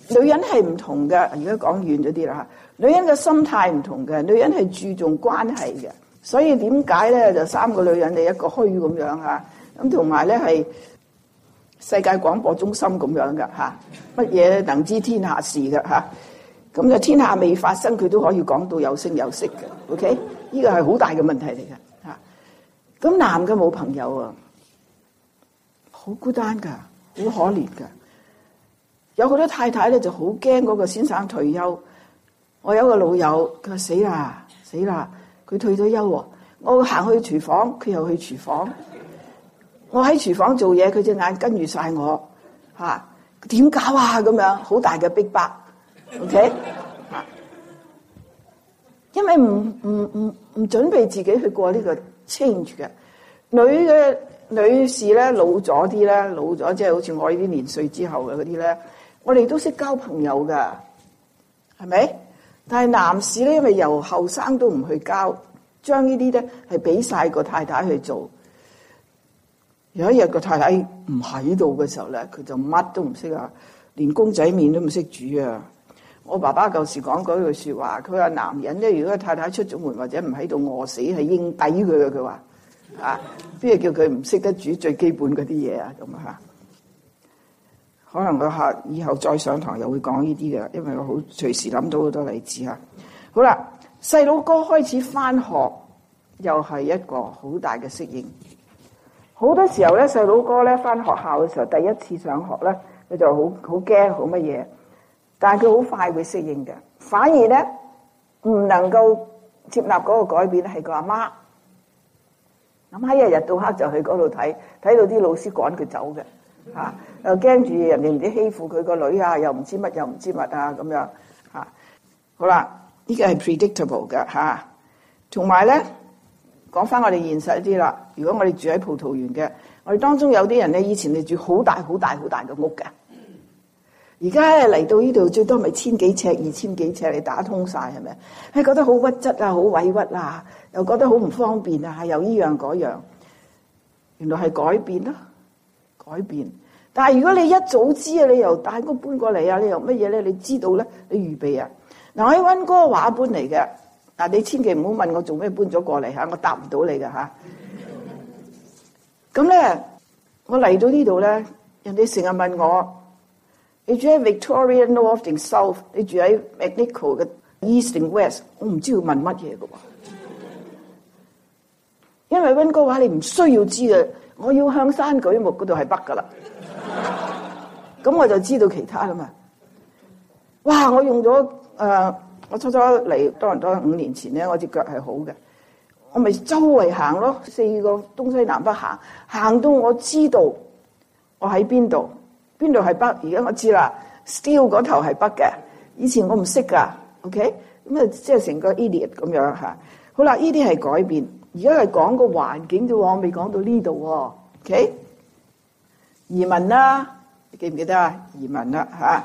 女人係唔同嘅。而家講遠咗啲啦吓，女人嘅心態唔同嘅，女人係注重關係嘅。所以點解咧就三個女人你一個虛咁樣啊？咁同埋咧，係世界廣播中心咁樣噶吓，乜、啊、嘢能知天下事噶吓？咁、啊、就、嗯、天下未發生，佢都可以講到有聲有色嘅。OK，呢個係好大嘅問題嚟嘅吓。咁、啊啊、男嘅冇朋友啊，好孤單噶，好可憐噶。有好多太太咧就好驚嗰個先生退休。我有個老友，佢死啦死啦，佢退咗休、啊。我行去廚房，佢又去廚房。我喺廚房做嘢，佢隻眼跟住晒我，嚇點搞啊？咁樣好大嘅逼迫，okay? 因為唔唔唔唔準備自己去過呢個 change 嘅女嘅女士咧老咗啲咧，老咗即係好似我呢啲年歲之後嘅嗰啲咧，我哋都識交朋友噶，係咪？但係男士咧，因為由後生都唔去交，將呢啲咧係俾晒個太太去做。有一日個太太唔喺度嘅時候咧，佢就乜都唔識啊，連公仔麵都唔識煮啊！我爸爸舊時講嗰句説話，佢話男人咧，如果太太出咗門或者唔喺度餓死，係應抵佢嘅。佢話啊，邊係叫佢唔識得煮最基本嗰啲嘢啊？咁啊可能佢客以後再上堂又會講呢啲嘅，因為我好隨時諗到好多例子嚇。好啦，細佬哥開始返學，又係一個好大嘅適應。好多時候咧，細佬哥咧返學校嘅時候，第一次上學咧，佢就好好驚好乜嘢，但係佢好快會適應嘅。反而咧唔能夠接納嗰個改變咧，係個阿媽。阿媽一日日到黑就去嗰度睇，睇到啲老師趕佢走嘅，嚇又驚住人哋唔知欺負佢個女啊，又唔知乜又唔知物乜啊咁樣嚇。好啦，呢個係 predictable 㗎嚇。同埋咧。講翻我哋現實啲啦，如果我哋住喺葡萄園嘅，我哋當中有啲人咧，以前係住好大好大好大嘅屋嘅，而家嚟到呢度最多咪千幾尺、二千幾尺，你打通晒係咪？係、哎、覺得好屈質啊，好委屈啊，又覺得好唔方便啊，又依樣嗰樣，原來係改變啦，改變。但係如果你一早知啊，你由大屋搬過嚟啊，你由乜嘢咧？你知道咧，你預備啊。嗱，喺温哥華搬嚟嘅。你千祈唔好問我做咩搬咗過嚟嚇，我答唔到你噶嚇。咁咧，我嚟到呢度咧，人哋成日問我，你住喺 Victoria North 定 South？你住喺 McNichol 嘅 East 定 West？我唔知要問乜嘢嘅喎。因為温哥華你唔需要知嘅，我要向山舉目嗰度係北噶啦。咁我就知道其他啦嘛。哇！我用咗誒。呃我初初嚟多倫多，五年前咧，我隻腳係好嘅，我咪周圍行咯，四個東西南北行，行到我知道我喺邊度，邊度係北。而家我知啦，still 嗰頭係北嘅。以前我唔識噶，OK，咁啊，即係成個 idiot 咁樣吓。好啦，呢啲係改變，而家係講個環境啫，我未講到呢度，OK 移記記。移民啦，記唔記得啊？移民啦，吓，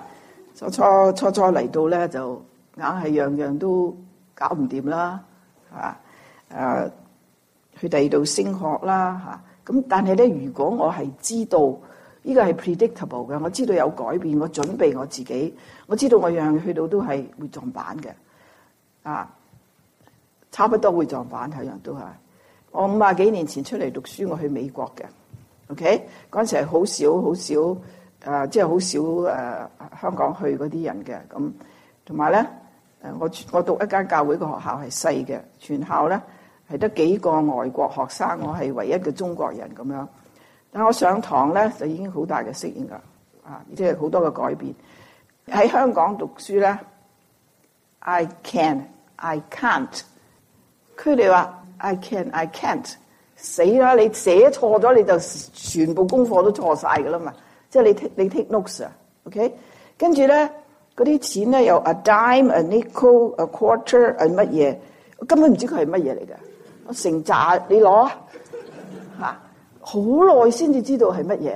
初初初初嚟到咧就。硬係樣樣都搞唔掂啦，嚇、啊！誒去第二度升學啦，嚇、啊！咁但係咧，如果我係知道呢、呢個係 predictable 嘅，我知道有改變，我準備我自己，我知道我樣樣去到都係會撞板嘅，啊！差不多會撞板，係樣都係。我五啊幾年前出嚟讀書，我去美國嘅，OK，嗰陣時係好少好少誒，即係好少誒、啊、香港去嗰啲人嘅，咁同埋咧。我我讀一間教會嘅學校係細嘅，全校咧係得幾個外國學生，我係唯一嘅中國人咁樣。但我上堂咧就已經好大嘅適應㗎，啊，即係好多嘅改變。喺香港讀書咧，I can I can't，佢哋話 I can I can't，死啦！你寫錯咗你就全部功課都錯晒㗎啦嘛，即係你你 take notes 啊，OK，跟住咧。嗰啲錢咧有 a dime、a nickel、a quarter、a 乜嘢，我根本唔知佢係乜嘢嚟㗎，我成扎你攞啊好耐先至知道係乜嘢，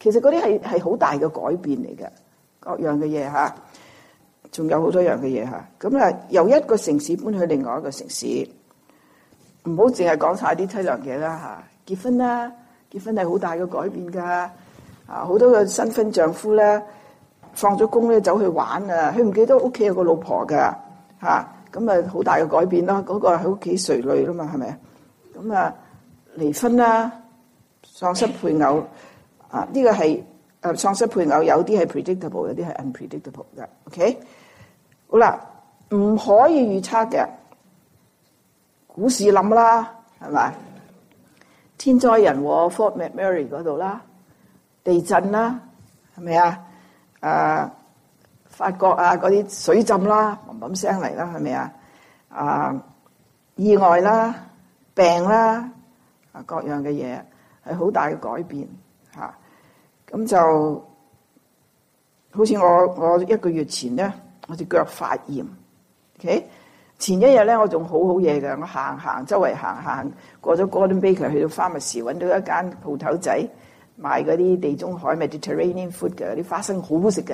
其實嗰啲係係好大嘅改變嚟㗎，各樣嘅嘢嚇，仲、啊、有好多樣嘅嘢嚇。咁啊，由一個城市搬去另外一個城市，唔好淨係講晒啲淒涼嘢啦嚇。結婚啦，啊，結婚係好大嘅改變噶，啊好多嘅新婚丈夫咧。啊放咗工咧，走去玩啊！佢唔記得屋企有個老婆噶嚇，咁啊好大嘅改變咯。嗰、那個喺屋企垂淚啦嘛，係咪啊？咁啊離婚啦，喪失配偶啊！呢、這個係啊喪失配偶，有啲係 predictable，有啲係 unpredictable 嘅。OK，好啦，唔可以預測嘅股市冧啦，係咪？天災人禍，Fort McMurray 嗰度啦，地震啦，係咪啊？誒、啊，法國啊，嗰啲水浸啦，砰砰聲嚟啦，係咪啊？啊，意外啦，病啦，啊各樣嘅嘢係好大嘅改變嚇。咁、啊、就好似我我一個月前咧，我隻腳發炎。OK，前一日咧，我仲好好嘢嘅，我行行周圍行行，過咗 Golden Baker 去到花蜜時，揾到一間鋪頭仔。買嗰啲地中海 （Mediterranean food） 嘅啲花生好好食嘅，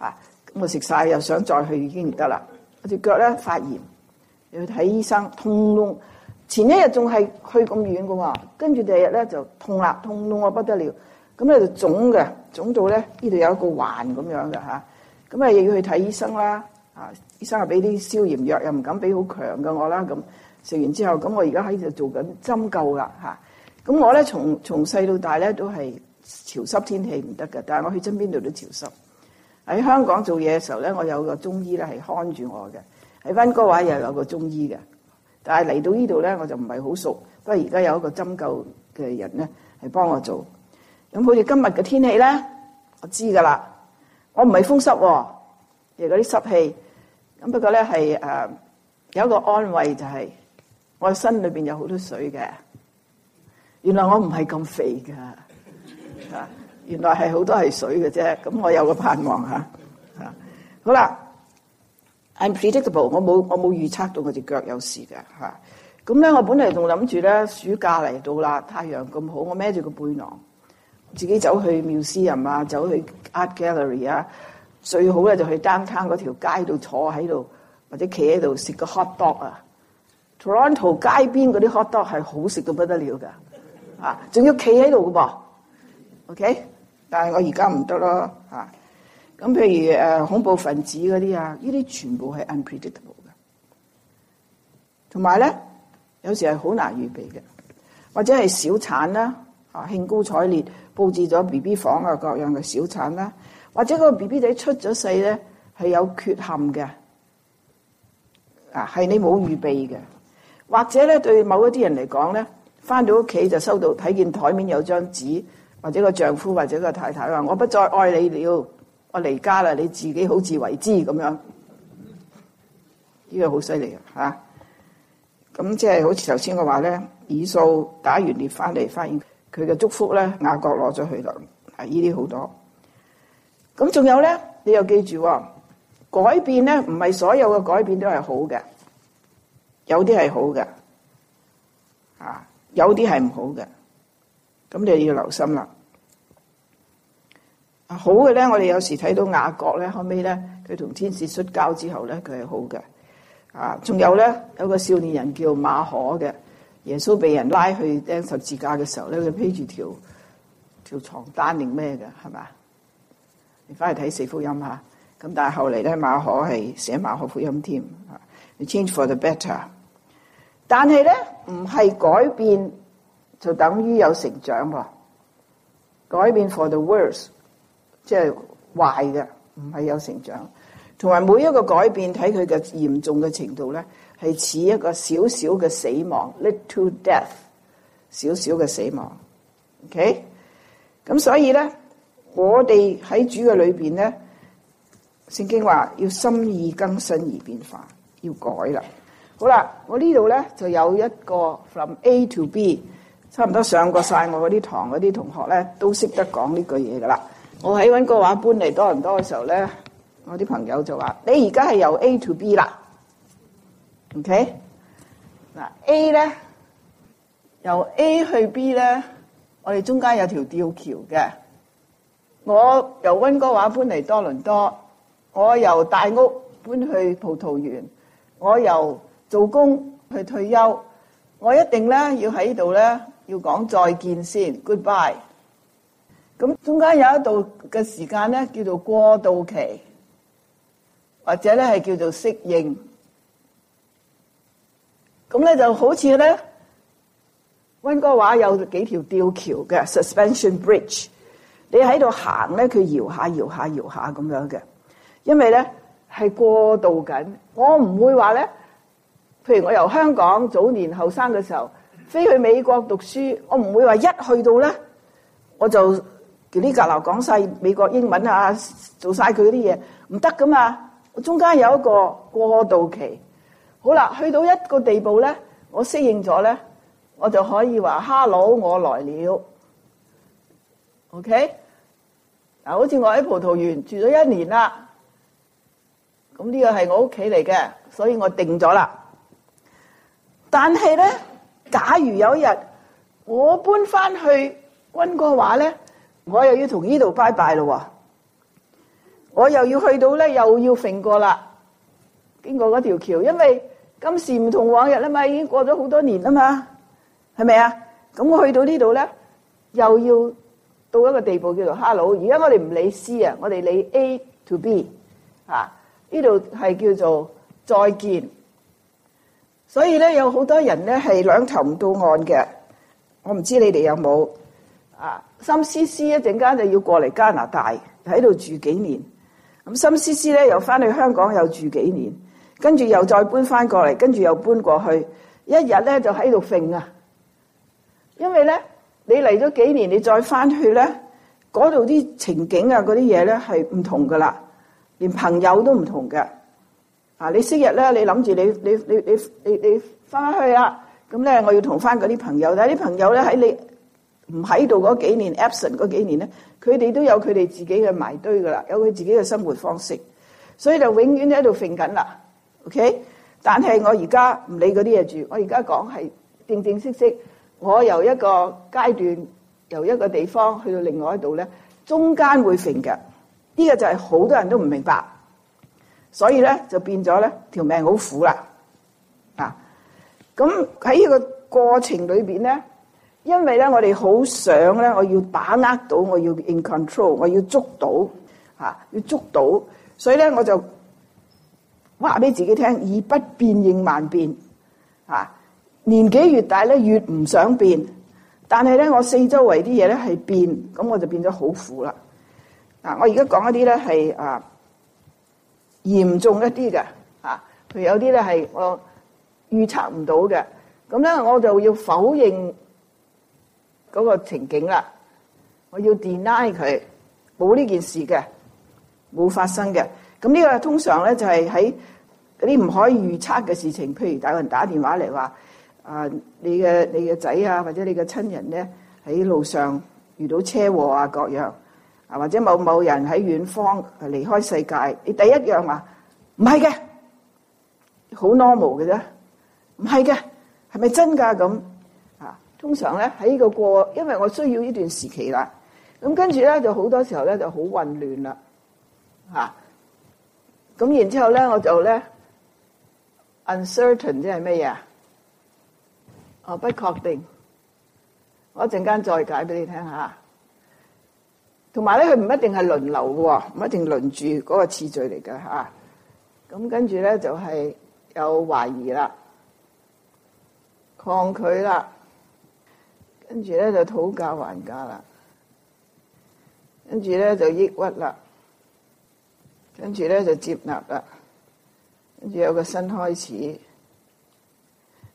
嚇、啊、咁、嗯、我食晒又想再去已經唔得啦。我隻腳咧發炎，要去睇醫生痛痛。前一日仲係去咁遠嘅喎，跟、啊、住第二日咧就痛啦，痛到我不得了。咁、嗯、咧就腫嘅，腫到咧呢度有一個環咁樣嘅嚇。咁啊、嗯、又要去睇醫生啦，嚇、啊、醫生啊俾啲消炎藥，又唔敢俾好強嘅我啦咁。食、啊、完之後咁，我而家喺度做緊針灸啦嚇。啊啊啊啊咁我咧從從細到大咧都係潮濕天氣唔得㗎，但係我去親邊度都潮濕。喺香港做嘢嘅時候咧，我有個中醫咧係看住我嘅。喺温哥華又有個中醫嘅，但係嚟到呢度咧我就唔係好熟。不過而家有一個針灸嘅人咧係幫我做。咁好似今日嘅天氣咧，我知噶啦，我唔係風濕喎，係嗰啲濕氣。咁不過咧係誒有一個安慰就係、是、我身裏邊有好多水嘅。原來我唔係咁肥噶，啊！原來係好多係水嘅啫。咁我有個盼望嚇，嚇、啊、好啦。I'm predictable，我冇我冇預測到我隻腳有事嘅嚇。咁、啊、咧，我本嚟仲諗住咧，暑假嚟到啦，太陽咁好，我孭住個背囊，自己走去 museum 啊，走去 art gallery 啊，最好咧就去 Downtown 嗰條街度坐喺度，或者企喺度食個 hot dog 啊。Toronto 街邊嗰啲 hot dog 係好食到不得了嘅。啊，仲要企喺度嘅噃，OK？但係我而家唔得咯，啊！咁譬如誒、呃、恐怖分子嗰啲啊，呢啲全部係 unpredictable 嘅。同埋咧，有時係好難預備嘅，或者係小產啦，啊，興高采烈佈置咗 B B 房啊，各樣嘅小產啦、啊，或者個 B B 仔出咗世咧係有缺陷嘅，啊係你冇預備嘅，或者咧對某一啲人嚟講咧。翻到屋企就收到睇見台面有張紙，或者個丈夫或者個太太話：我不再愛你了，我離家啦，你自己好自為之咁樣。呢、這個好犀利啊！嚇，咁即係好似頭先我話咧，以掃打完獵翻嚟，發現佢嘅祝福咧，雅各攞咗去咯。係呢啲好多。咁仲有咧，你要記住喎。改變咧，唔係所有嘅改變都係好嘅，有啲係好嘅，嚇、啊。有啲係唔好嘅，咁你就要留心啦。好嘅咧，我哋有時睇到雅各咧，後尾咧佢同天使摔跤之後咧，佢係好嘅。啊，仲有咧，有個少年人叫馬可嘅，耶穌俾人拉去釘十字架嘅時候咧，佢披住條條床單定咩嘅係嘛？你翻去睇四福音吓，咁但係後嚟咧馬可係寫馬可福音添啊，你 change for the better。但係呢，唔係改變就等於有成長噃。改變 for the worse，即係壞嘅，唔係有成長。同埋每一個改變，睇佢嘅嚴重嘅程度呢，係似一個小小嘅死亡，lead to death，小小嘅死亡。OK，咁所以呢，我哋喺主嘅裏邊呢，聖經話要心意更新而變化，要改啦。好啦，我呢度咧就有一個 from A to B，差唔多上過晒我嗰啲堂嗰啲同學咧都識得講呢句嘢噶啦。我喺温哥華搬嚟多倫多嘅時候咧，我啲朋友就話：你而家係由 A to B 啦。OK，嗱 A 咧由 A 去 B 咧，我哋中間有條吊橋嘅。我由温哥華搬嚟多倫多，我由大屋搬去葡萄園，我由做工去退休，我一定咧要喺呢度咧要講再見先，Goodbye。咁中間有一度嘅時間咧叫做過渡期，或者咧係叫做適應。咁咧就好似咧溫哥華有幾條吊橋嘅 Suspension Bridge，你喺度行咧佢搖下搖下搖下咁樣嘅，因為咧係過渡緊，我唔會話咧。譬如我由香港早年後生嘅時候飛去美國讀書，我唔會話一去到咧，我就嘰哩格啦講晒美國英文啊，做晒佢啲嘢，唔得㗎嘛。我中間有一個過渡期，好啦，去到一個地步咧，我適應咗咧，我就可以話 Hello，我來了。OK，嗱，好似我喺葡萄園住咗一年啦，咁呢個係我屋企嚟嘅，所以我定咗啦。但係咧，假如有一日我搬翻去溫哥華咧，我又要同呢度拜拜咯。我又要去到咧，又要揈過啦，經過嗰條橋，因為今時唔同往日吖嘛，已經過咗好多年吖嘛，係咪啊？咁我去到呢度咧，又要到一個地步叫做 hello。而家我哋唔理 C 啊，我哋理 A to B 啊，呢度係叫做再見。所以咧，有好多人咧係兩頭唔到岸嘅，我唔知你哋有冇啊？心思思一陣間就要過嚟加拿大喺度住幾年，咁心思思咧又翻去香港又住幾年，跟住又再搬翻過嚟，跟住又搬過去，一日咧就喺度瞓啊！因為咧，你嚟咗幾年，你再翻去咧，嗰度啲情景啊，嗰啲嘢咧係唔同噶啦，連朋友都唔同嘅。啊！你昔日咧，你諗住你你你你你你翻返去啦。咁咧，我要同翻嗰啲朋友，嗰啲朋友咧喺你唔喺度嗰幾年 absent 嗰幾年咧，佢哋都有佢哋自己嘅埋堆噶啦，有佢自己嘅生活方式，所以就永遠喺度揈緊啦。OK，但係我而家唔理嗰啲嘢住，我而家講係正正式式，我由一個階段，由一個地方去到另外一度咧，中間會揈嘅。呢個就係好多人都唔明白。所以咧就變咗咧條命好苦啦，啊！咁喺呢個過程裏邊咧，因為咧我哋好想咧，我要把握到，我要 in control，我要捉到嚇、啊，要捉到，所以咧我就話俾自己聽，以不變應萬變啊！年紀越大咧，越唔想變，但係咧我四周圍啲嘢咧係變，咁我就變咗好苦啦。嗱、啊，我而家講一啲咧係啊。嚴重一啲嘅，啊，佢有啲咧係我預測唔到嘅，咁咧我就要否認嗰個情景啦，我要 deny 佢冇呢件事嘅，冇發生嘅。咁呢個通常咧就係喺嗰啲唔可以預測嘅事情，譬如有人打電話嚟話，啊，你嘅你嘅仔啊，或者你嘅親人咧喺路上遇到車禍啊，各樣。啊，或者某某人喺遠方離開世界，你第一樣，話唔係嘅，好 normal 嘅啫，唔係嘅，係咪真噶咁？啊，通常咧喺呢個過，因為我需要呢段時期啦，咁、嗯、跟住咧就好多時候咧就好混亂啦，啊，咁然之後咧我就咧 uncertain 即係咩嘢？哦，不確定，我一陣間再解俾你聽吓。同埋咧，佢唔一定係輪流嘅喎，唔一定輪住嗰、那個次序嚟嘅㗎。咁、啊、跟住呢，就係、是、有懷疑啦、抗拒啦，跟住咧就討價還價啦，跟住咧就抑鬱啦，跟住咧就接納啦，跟住有一個新開始。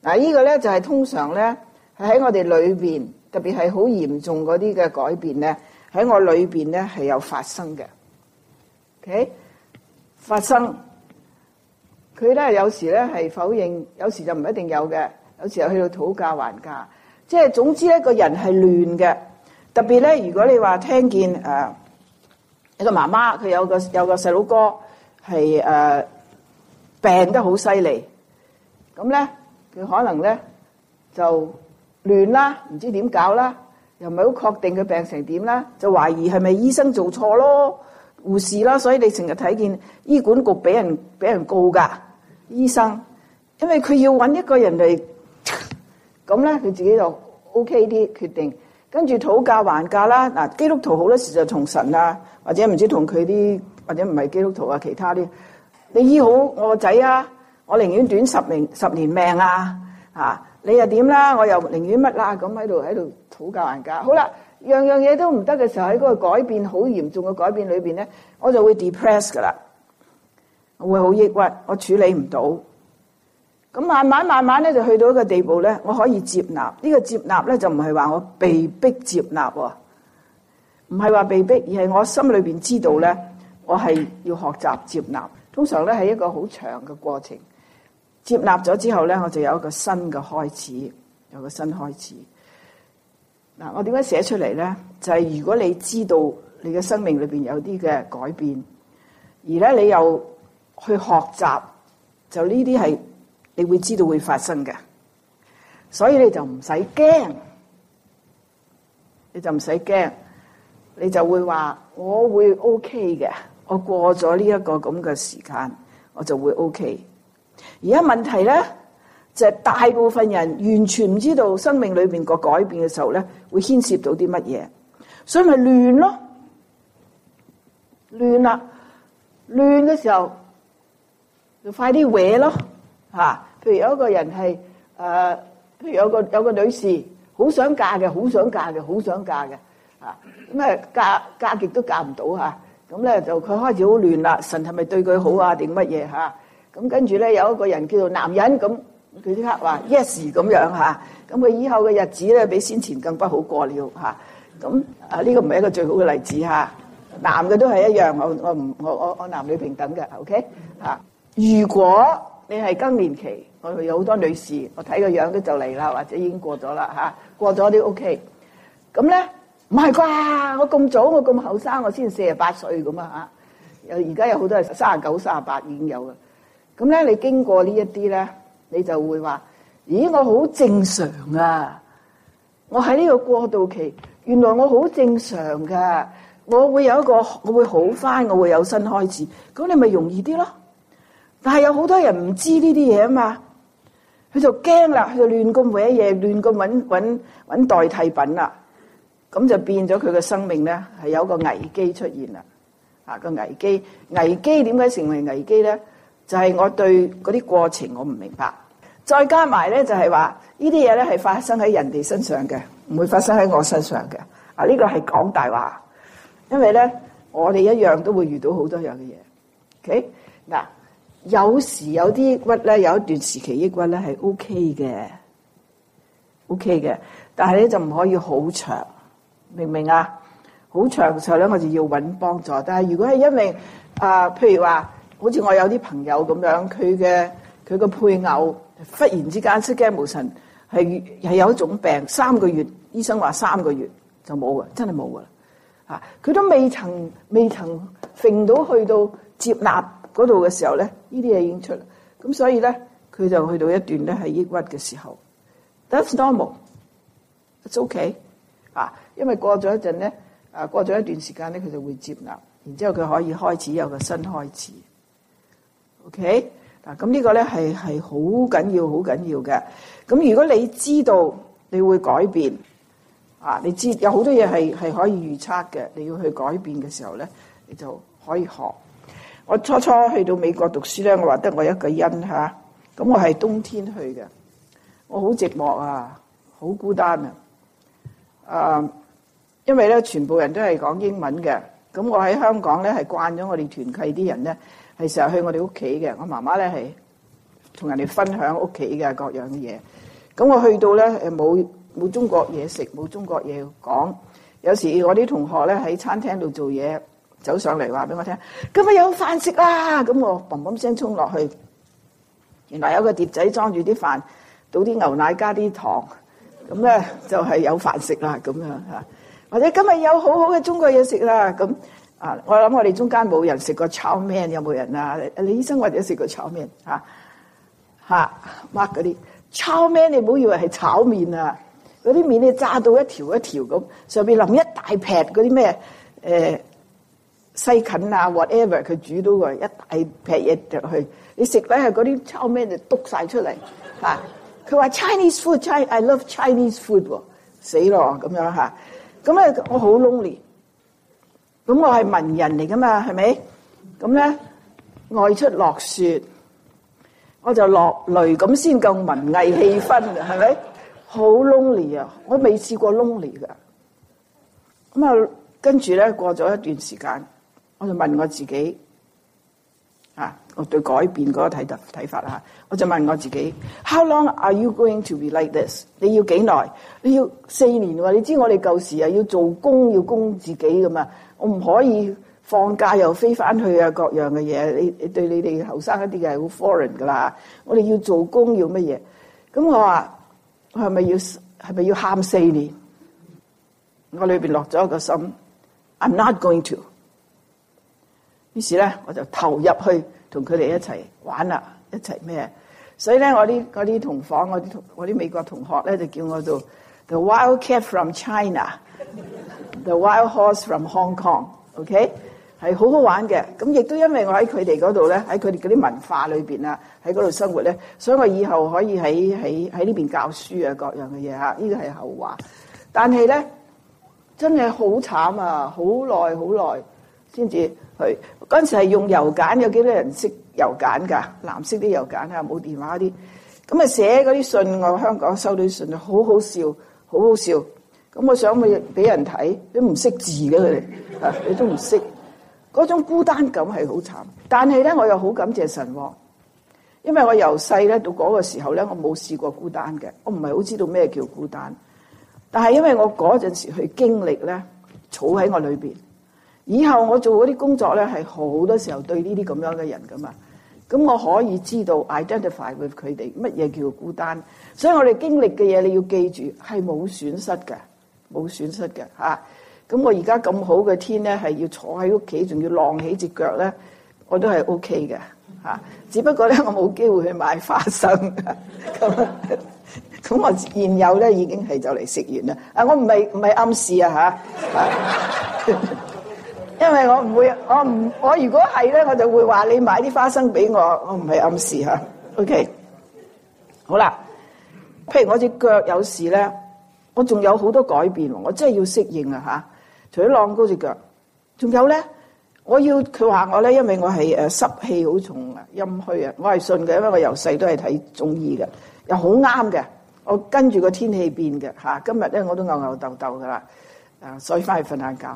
嗱、啊，依、這個呢，就係、是、通常呢，係喺我哋裏邊，特別係好嚴重嗰啲嘅改變呢。喺我裏邊咧係有發生嘅，OK，發生，佢咧有時咧係否認，有時就唔一定有嘅，有時又去到討價還價，即係總之咧個人係亂嘅。特別咧，如果你話聽見誒，一個媽媽佢有個有個細佬哥係誒病得好犀利，咁咧佢可能咧就亂啦，唔知點搞啦。又唔係好確定佢病成點啦，就懷疑係咪醫生做錯咯，護士啦，所以你成日睇見醫管局俾人俾人告㗎醫生，因為佢要搵一個人嚟咁咧，佢自己就 O K 啲決定，跟住討價還價啦。嗱，基督徒好多時就同神啊，或者唔知同佢啲或者唔係基督徒啊，其他啲你醫好我個仔啊，我寧願短十年十年命啊，啊！你又點啦？我又寧願乜啦？咁喺度喺度討教人家。好啦，樣樣嘢都唔得嘅時候，喺嗰個改變好嚴重嘅改變裏邊咧，我就會 depress 噶啦，我會好抑鬱，我處理唔到。咁慢慢慢慢咧，就去到一個地步咧，我可以接納。呢個接納咧，就唔係話我被逼接納喎，唔係話被逼，而係我心裏邊知道咧，我係要學習接納。通常咧係一個好長嘅過程。接納咗之後呢，我就有一個新嘅開始，有個新開始。嗱，我點解寫出嚟呢？就係如果你知道你嘅生命裏邊有啲嘅改變，而咧你又去學習，就呢啲係你會知道會發生嘅。所以你就唔使驚，你就唔使驚，你就會話我會 OK 嘅。我過咗呢一個咁嘅時間，我就會 OK。而家問題咧就係大部分人完全唔知道生命裏面個改變嘅時候咧，會牽涉到啲乜嘢，所以咪亂咯，亂啦，亂嘅時候就快啲歪咯嚇。譬如有一個人係誒，譬如有個有個女士好想嫁嘅，好想嫁嘅，好想嫁嘅嚇。咁誒嫁嫁極都嫁唔到嚇，咁咧就佢開始好亂啦。神係咪對佢好啊？定乜嘢嚇？咁跟住咧，有一個人叫做男人咁，佢即刻話 yes 咁樣嚇。咁佢以後嘅日子咧，比先前更不好過了嚇。咁啊，呢個唔係一個最好嘅例子嚇。男嘅都係一樣，我我唔我我我男女平等嘅，OK 嚇。如果你係更年期，我有好多女士，我睇個樣都就嚟啦，或者已經過咗啦嚇。過咗啲 OK。咁咧唔係啩？我咁早，我咁後生，我先四十八歲咁啊嚇。有而家有好多係三十九、三十八已經有嘅。咁咧，你經過呢一啲咧，你就會話：咦，我好正常啊！我喺呢個過渡期，原來我好正常嘅。我會有一個，我會好返，我會有新開始。咁你咪容易啲咯。但係有好多人唔知呢啲嘢啊嘛，佢就驚啦，佢就亂咁揾嘢，亂咁揾揾揾代替品啦。咁就變咗佢嘅生命咧，係有一個危機出現啦。啊、那，個危機，危機點解成為危機咧？就係我對嗰啲過程我唔明白，再加埋咧就係話呢啲嘢咧係發生喺人哋身上嘅，唔會發生喺我身上嘅。啊，呢、這個係講大話，因為咧我哋一樣都會遇到好多樣嘅嘢。OK，嗱、啊，有時有啲抑鬱咧，有一段時期抑鬱咧係 OK 嘅，OK 嘅，但係咧就唔可以好長，明唔明啊？好長嘅時候咧我就要搵幫助。但係如果係因為啊，譬如話，好似我有啲朋友咁樣，佢嘅佢嘅配偶忽然之間，失驚無神，係係有一種病，三個月，醫生話三個月就冇嘅，真係冇嘅啦。嚇、啊，佢都未曾未曾揈到去到接納嗰度嘅時候咧，呢啲嘢已經出啦。咁所以咧，佢就去到一段咧係抑鬱嘅時候。That's normal，it's okay，啊、因為過咗一陣咧，啊過咗一段時間咧，佢就會接納，然之後佢可以開始有個新開始。OK 嗱，咁呢個咧係係好緊要，好緊要嘅。咁如果你知道你會改變，啊，你知有好多嘢係係可以預測嘅。你要去改變嘅時候咧，你就可以學。我初初去到美國讀書咧，我話得我一個人吓，咁我係冬天去嘅，我好寂寞啊，好孤單啊，誒，因為咧全部人都係講英文嘅，咁我喺香港咧係慣咗我哋團契啲人咧。係成日去我哋屋企嘅，我媽媽咧係同人哋分享屋企嘅各樣嘢。咁我去到咧，誒冇冇中國嘢食，冇中國嘢講。有時我啲同學咧喺餐廳度做嘢，走上嚟話俾我聽：今日有飯食啦！咁我砰砰聲衝落去，原來有個碟仔裝住啲飯，倒啲牛奶加啲糖，咁咧就係有飯食啦咁樣吓。或者今日有好好嘅中國嘢食啦咁。啊！我諗我哋中間冇人食過炒麵，有冇人啊？李醫生或者食過炒麵，啊啊 er、ite, 炒麵嚇、啊、嚇，mark 嗰啲炒麵你唔好以為係炒麵啊！嗰啲麵咧炸到一條一條咁，上邊淋一大劈嗰啲咩誒西芹啊，whatever，佢煮到個一大劈嘢落去。你食鬼係嗰啲炒麵就篤晒出嚟嚇。佢、啊、話 Chinese food，I love Chinese food 死咯咁樣嚇。咁、啊、咧我好 lonely。咁、嗯、我係文人嚟噶嘛，係咪？咁咧，外出落雪，我就落淚，咁先夠文藝氣氛啊，係咪？好 lonely 啊，我未試過 lonely 噶。咁、嗯、啊，跟住咧過咗一段時間，我就問我自己，啊，我對改變嗰個睇睇法啊，我就問我自己，How long are you going to be like this？你要幾耐？你要四年喎，你知我哋舊時啊要做工要供自己噶嘛？我唔可以放假又飛翻去啊！各樣嘅嘢，你你對你哋後生一啲嘅係好 foreign 噶啦！我哋要做工要乜嘢？咁我話係咪要係咪要喊四年？我裏邊落咗個心，I'm not going to。於是咧，我就投入去同佢哋一齊玩啦、啊，一齊咩？所以咧，我啲啲同房，我啲同我啲美國同學咧，就叫我做 The Wildcat from China。The wild horse from Hong Kong，OK，okay？係好好玩嘅。咁亦都因為我喺佢哋嗰度咧，喺佢哋嗰啲文化裏邊啊，喺嗰度生活咧，所以我以後可以喺喺喺呢邊教書啊，各樣嘅嘢吓，呢個係後話。但係咧，真係好慘啊！好耐好耐先至去。嗰陣時係用郵簡，有幾多人識郵簡噶？藍色啲郵簡啊，冇電話啲。咁啊，寫嗰啲信我香港收到啲信啊，好好笑，好好笑。咁我想去俾人睇，你唔識字嘅佢哋，你都唔識。嗰種孤單感係好慘。但係咧，我又好感謝神，因為我由細咧到嗰個時候咧，我冇試過孤單嘅，我唔係好知道咩叫孤單。但係因為我嗰陣時去經歷咧，儲喺我裏邊。以後我做嗰啲工作咧，係好多時候對呢啲咁樣嘅人噶嘛。咁我可以知道 identify with 佢哋乜嘢叫孤單。所以我哋經歷嘅嘢，你要記住係冇損失嘅。冇損失嘅嚇，咁、啊、我而家咁好嘅天咧，係要坐喺屋企，仲要晾起隻腳咧，我都係 OK 嘅嚇。只不過咧，我冇機會去買花生。咁、啊、咁我現有咧已經係就嚟食完啦。啊，我唔係唔係暗示啊嚇，因為我唔會，我唔我如果係咧，我就會話你買啲花生俾我。我唔係暗示嚇。啊、o、okay、K，好啦，譬如我隻腳有事咧。我仲有好多改變，我真係要適應啊吓，除咗晾高隻腳，仲有咧，我要佢話我咧，因為我係誒濕氣好重啊，陰虛啊，我係信嘅，因為我由細都係睇中醫嘅，又好啱嘅，我跟住個天氣變嘅吓，今日咧我都牛牛抖抖噶啦，啊，所以翻去瞓下覺。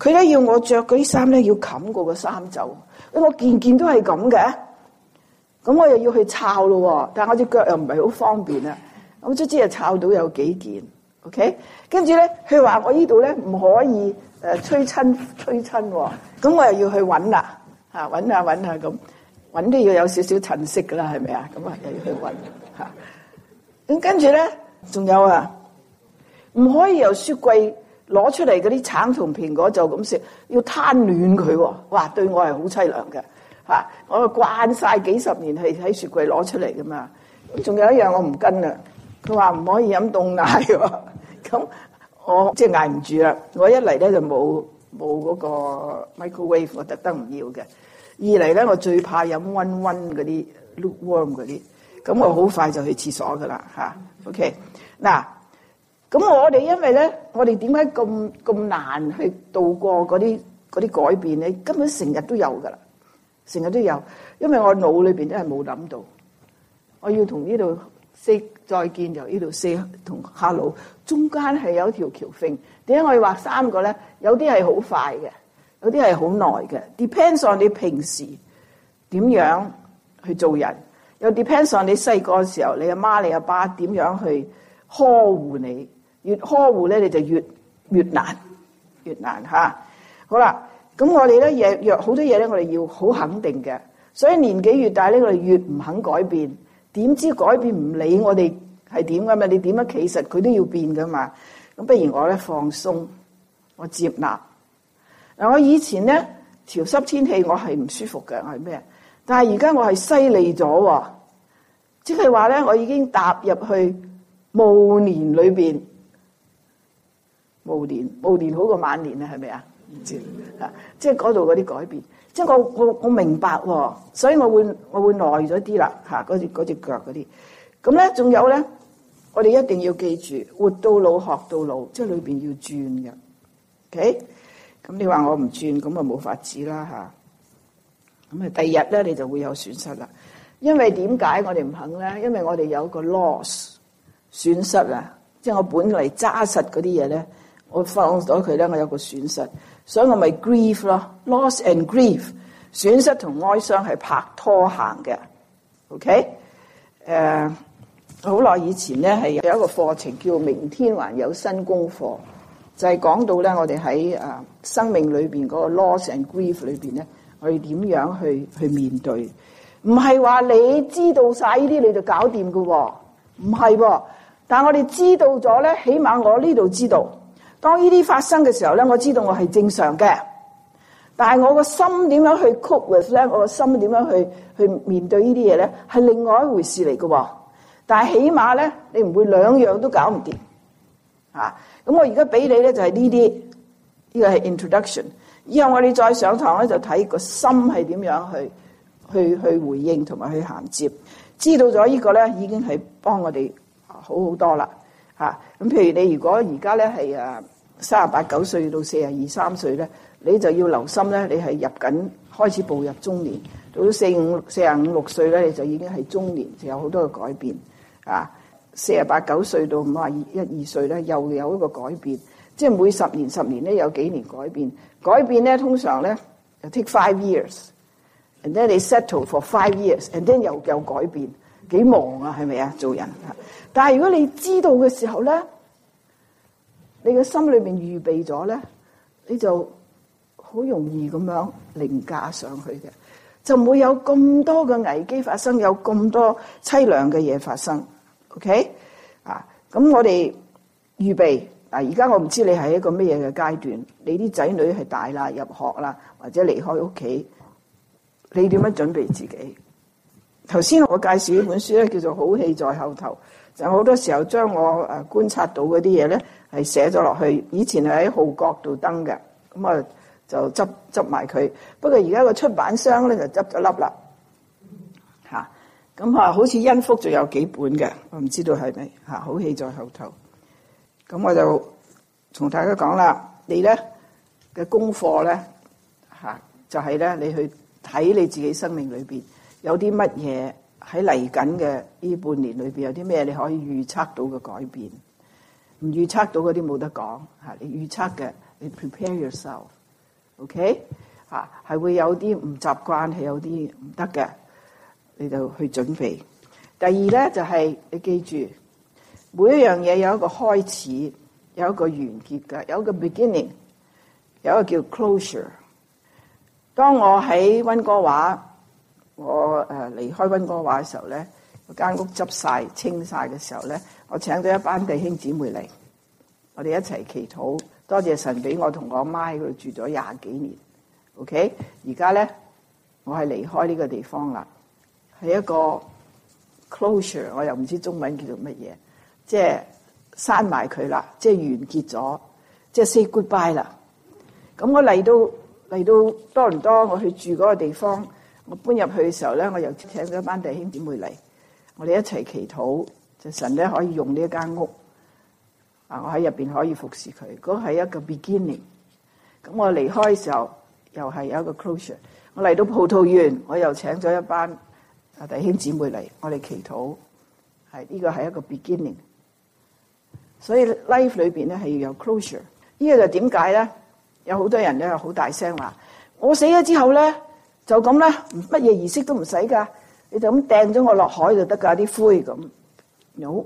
佢咧要我着嗰啲衫咧要冚過個衫袖，我件件都係咁嘅，咁我又要去摷咯，但我隻腳又唔係好方便啊，我卒之又摷到有幾件。OK，跟住咧，佢話我呢度咧唔可以誒吹親吹親喎，咁、哦、我又要去揾啦嚇，揾、啊、下揾下咁，揾都要有少少襯色噶啦，係咪啊？咁啊，又要去揾嚇。咁跟住咧，仲有啊，唔可以由雪櫃攞出嚟嗰啲橙同蘋果就咁食，要攤暖佢喎、哦。哇，對我係好凄涼嘅嚇，我慣晒幾十年係喺雪櫃攞出嚟噶嘛。仲有一樣我唔跟啦。佢話唔可以飲凍奶喎，咁我即係挨唔住啦。我一嚟咧就冇冇嗰個 microwave，我特登唔要嘅。二嚟咧，我最怕飲溫溫嗰啲 lukewarm 嗰啲，咁我好快就去廁所噶啦嚇。OK 嗱，咁我哋因為咧，我哋點解咁咁難去度過嗰啲嗰啲改變咧？根本成日都有噶啦，成日都有，因為我腦裏邊都係冇諗到，我要同呢度四。再見就呢度四同下路，中間係有條橋飛。點解我哋要畫三個咧？有啲係好快嘅，有啲係好耐嘅。Depends on 你平時點樣去做人，又 depends on 你細個嘅時候，你阿媽你阿爸點樣去呵護你。越呵護咧，你就越越難越難嚇。好啦，咁我哋咧嘢若好多嘢咧，我哋要好肯定嘅。所以年紀越大咧，我哋越唔肯改變。點知改變唔理我哋係點㗎嘛？你點樣其實佢都要變㗎嘛？咁不如我咧放鬆，我接納嗱。我以前咧潮濕天氣我係唔舒服嘅，我係咩？但係而家我係犀利咗喎，即係話咧我已經踏入去暮年裏邊。暮年暮年好過晚年啊？係咪啊？唔知 即係嗰度嗰啲改變。即我我我明白喎、哦，所以我會我會耐咗啲啦嚇，嗰隻隻腳嗰啲。咁咧仲有咧，我哋一定要記住，活到老學到老，即係裏邊要轉嘅。OK，咁、嗯、你話我唔轉，咁啊冇法子啦吓，咁啊，第、嗯、二日咧你就會有損失啦。因為點解我哋唔肯咧？因為我哋有個 loss 損失啊，即係我本嚟揸實嗰啲嘢咧，我放咗佢咧，我有個損失。所以我咪 grief 咯，loss and grief，損失同哀傷係拍拖行嘅，OK？誒，好耐以前咧係有一個課程叫《明天還有新功課》，就係、是、講到咧我哋喺誒生命裏邊嗰個 loss and grief 裏邊咧，我哋點樣去去面對？唔係話你知道晒呢啲你就搞掂㗎喎，唔係噃。但係我哋知道咗咧，起碼我呢度知道。當呢啲發生嘅時候咧，我知道我係正常嘅，但係我個心點樣去 cope with 咧？我個心點樣去去面對呢啲嘢咧？係另外一回事嚟嘅，但係起碼咧，你唔會兩樣都搞唔掂啊！咁我而家俾你咧就係呢啲，呢、呢個係 introduction。以後我哋再上堂咧就睇個心係點樣去去去回應同埋去銜接。知道咗呢個咧已經係幫我哋好好多啦。嚇，咁譬如你如果而家咧係誒三十八九歲到四十二三歲咧，你就要留心咧，你係入緊開始步入中年。到咗四五四十五六歲咧，你就已經係中年，就有好多嘅改變。啊，四十八九歲到五十一二歲咧，又有一個改變。即係每十年十年咧有幾年改變，改變咧通常咧就 take five years，and then you settle for five years，and then 又又改變，幾忙啊？係咪啊？做人啊！但係如果你知道嘅時候咧，你嘅心裏面預備咗咧，你就好容易咁樣凌駕上去嘅，就唔會有咁多嘅危機發生，有咁多淒涼嘅嘢發生。OK，啊，咁我哋預備啊，而家我唔知你係一個乜嘢嘅階段，你啲仔女係大啦，入學啦，或者離開屋企，你點樣準備自己？頭先我介紹呢本書咧，叫做好戲在後頭。好多時候將我誒觀察到嗰啲嘢咧，係寫咗落去。以前係喺號角度登嘅，咁啊就執執埋佢。不過而家個出版商咧就執咗笠啦。嚇，咁啊，好似《恩福》仲有幾本嘅，我唔知道係咪嚇，好戲在後頭。咁我就同大家講啦，你咧嘅功課咧嚇，就係咧你去睇你自己生命裏邊有啲乜嘢。喺嚟緊嘅呢半年裏邊有啲咩你可以預測到嘅改變？唔預測到嗰啲冇得講嚇。你預測嘅，你 prepare yourself，OK 嚇，係會有啲唔習慣，係有啲唔得嘅，你就去準備。第二咧就係你記住，每一樣嘢有一個開始，有一個完結嘅，有一個 beginning，有一個叫 closure。當我喺溫哥華。我誒離開温哥華嘅時候咧，個間屋執晒清晒嘅時候咧，我請咗一班弟兄姊妹嚟，我哋一齊祈禱，多謝神俾我同我阿媽喺嗰度住咗廿幾年。OK，而家咧我係離開呢個地方啦，係一個 closure，我又唔知中文叫做乜嘢，即係閂埋佢啦，即係完結咗，即係 say goodbye 啦。咁我嚟到嚟到多倫多，我去住嗰個地方。我搬入去嘅時候咧，我又請咗一班弟兄姊妹嚟，我哋一齊祈禱，就神咧可以用呢一間屋，啊，我喺入邊可以服侍佢。嗰係一個 beginning，咁我離開嘅時候又係有一個 closure。我嚟到葡萄園，我又請咗一班啊弟兄姊妹嚟，我哋祈禱，係呢個係一個 beginning。所以 life 裏邊咧係要有 closure。呢個就點解咧？有好多人咧好大聲話，我死咗之後咧。就咁啦，乜嘢儀式都唔使噶，你就咁掟咗我落海就得噶啲灰咁，好、no.。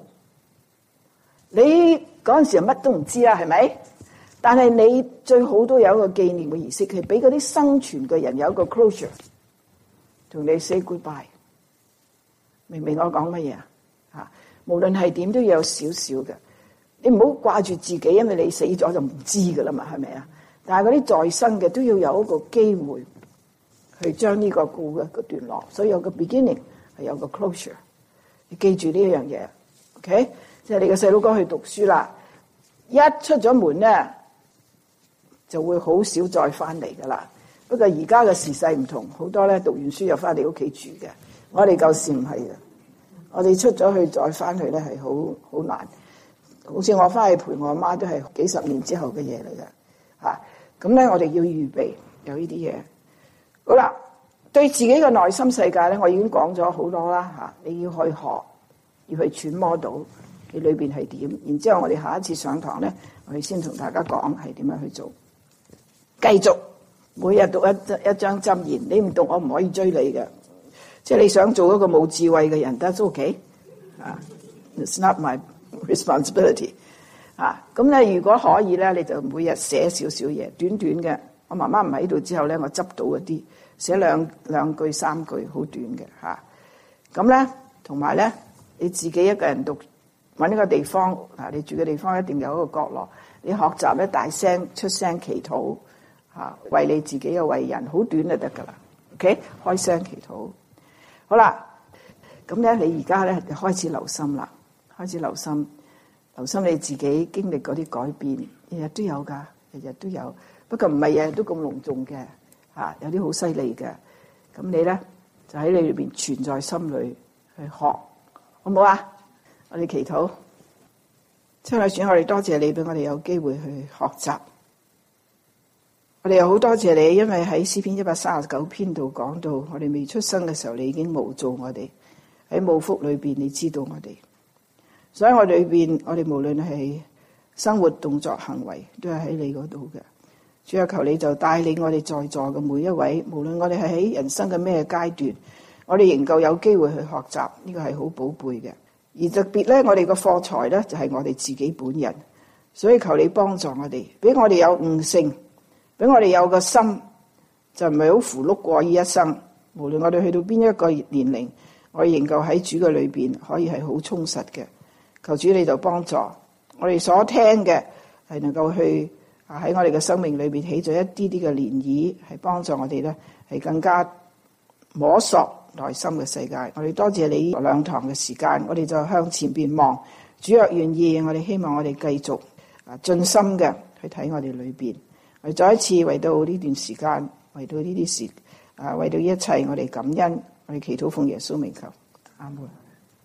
你嗰陣時乜都唔知呀，係咪？但係你最好都有一個紀念嘅儀式，佢俾嗰啲生存嘅人有一個 closure，同你 say goodbye。明明我講乜嘢啊？吓，無論係點都有少少嘅，你唔好掛住自己，因為你死咗就唔知噶啦嘛，係咪啊？但係嗰啲再生嘅都要有一個機會。去將呢個故嘅個段落，所以有個 beginning 係有個 closure。你記住呢樣嘢，OK？即係你嘅細佬哥去讀書啦，一出咗門咧就會好少再翻嚟噶啦。不過而家嘅時勢唔同，好多咧讀完書又翻嚟屋企住嘅。我哋舊時唔係嘅，我哋出咗去再翻去咧係好好難。好似我翻去陪我阿媽都係幾十年之後嘅嘢嚟嘅吓。咁，啊，咧我哋要預備有呢啲嘢。好啦，對自己嘅內心世界咧，我已經講咗好多啦嚇、啊。你要去學，要去揣摩到你裏邊係點。然之後，我哋下一次上堂咧，我哋先同大家講係點樣去做。繼續每日讀一一張箴言，你唔讀我唔可以追你嘅。即係你想做一個冇智慧嘅人得？O K 啊？It's not my responsibility。啊，咁咧如果可以咧，你就每日寫少少嘢，短短嘅。媽媽唔喺度之後咧，我執到嗰啲寫兩兩句三句，好短嘅吓。咁、啊、咧，同埋咧，你自己一個人讀，搵一個地方啊，你住嘅地方一定有一個角落，你學習咧大聲出聲祈禱吓、啊，為你自己嘅為人，好短就得噶啦。OK，okay? 開聲祈禱，好啦。咁、啊、咧，你而家咧就開始留心啦，開始留心，留心你自己經歷嗰啲改變，日日都有噶，日日都有。不過唔係日日都咁隆重嘅，吓有啲好犀利嘅。咁你咧就喺你裏邊存在心裏去學，好唔好啊？我哋祈禱，秋麗選，我哋多謝你俾我哋有機會去學習。我哋又好多謝你，因為喺詩篇一百三十九篇度講到，我哋未出生嘅時候，你已經冇做我哋喺母腹裏邊，你知道我哋。所以我哋裏邊，我哋無論係生活、動作、行為，都係喺你嗰度嘅。主要求你就帶領我哋在座嘅每一位，無論我哋係喺人生嘅咩階段，我哋仍舊有機會去學習，呢個係好寶貝嘅。而特別咧，我哋嘅課材咧就係、是、我哋自己本人，所以求你幫助我哋，俾我哋有悟性，俾我哋有個心，就唔係好符碌過呢一生。無論我哋去到邊一個年齡，我哋仍舊喺主嘅裏邊可以係好充實嘅。求主你就幫助我哋所聽嘅，係能夠去。啊！喺我哋嘅生命裏邊起咗一啲啲嘅漣漪，係幫助我哋咧，係更加摸索內心嘅世界。我哋多謝你呢兩堂嘅時間，我哋就向前邊望。主若願意，我哋希望我哋繼續啊盡心嘅去睇我哋裏邊。我哋再一次為到呢段時間，為到呢啲事啊，為到一切，我哋感恩，我哋祈禱奉耶穌名求。阿門。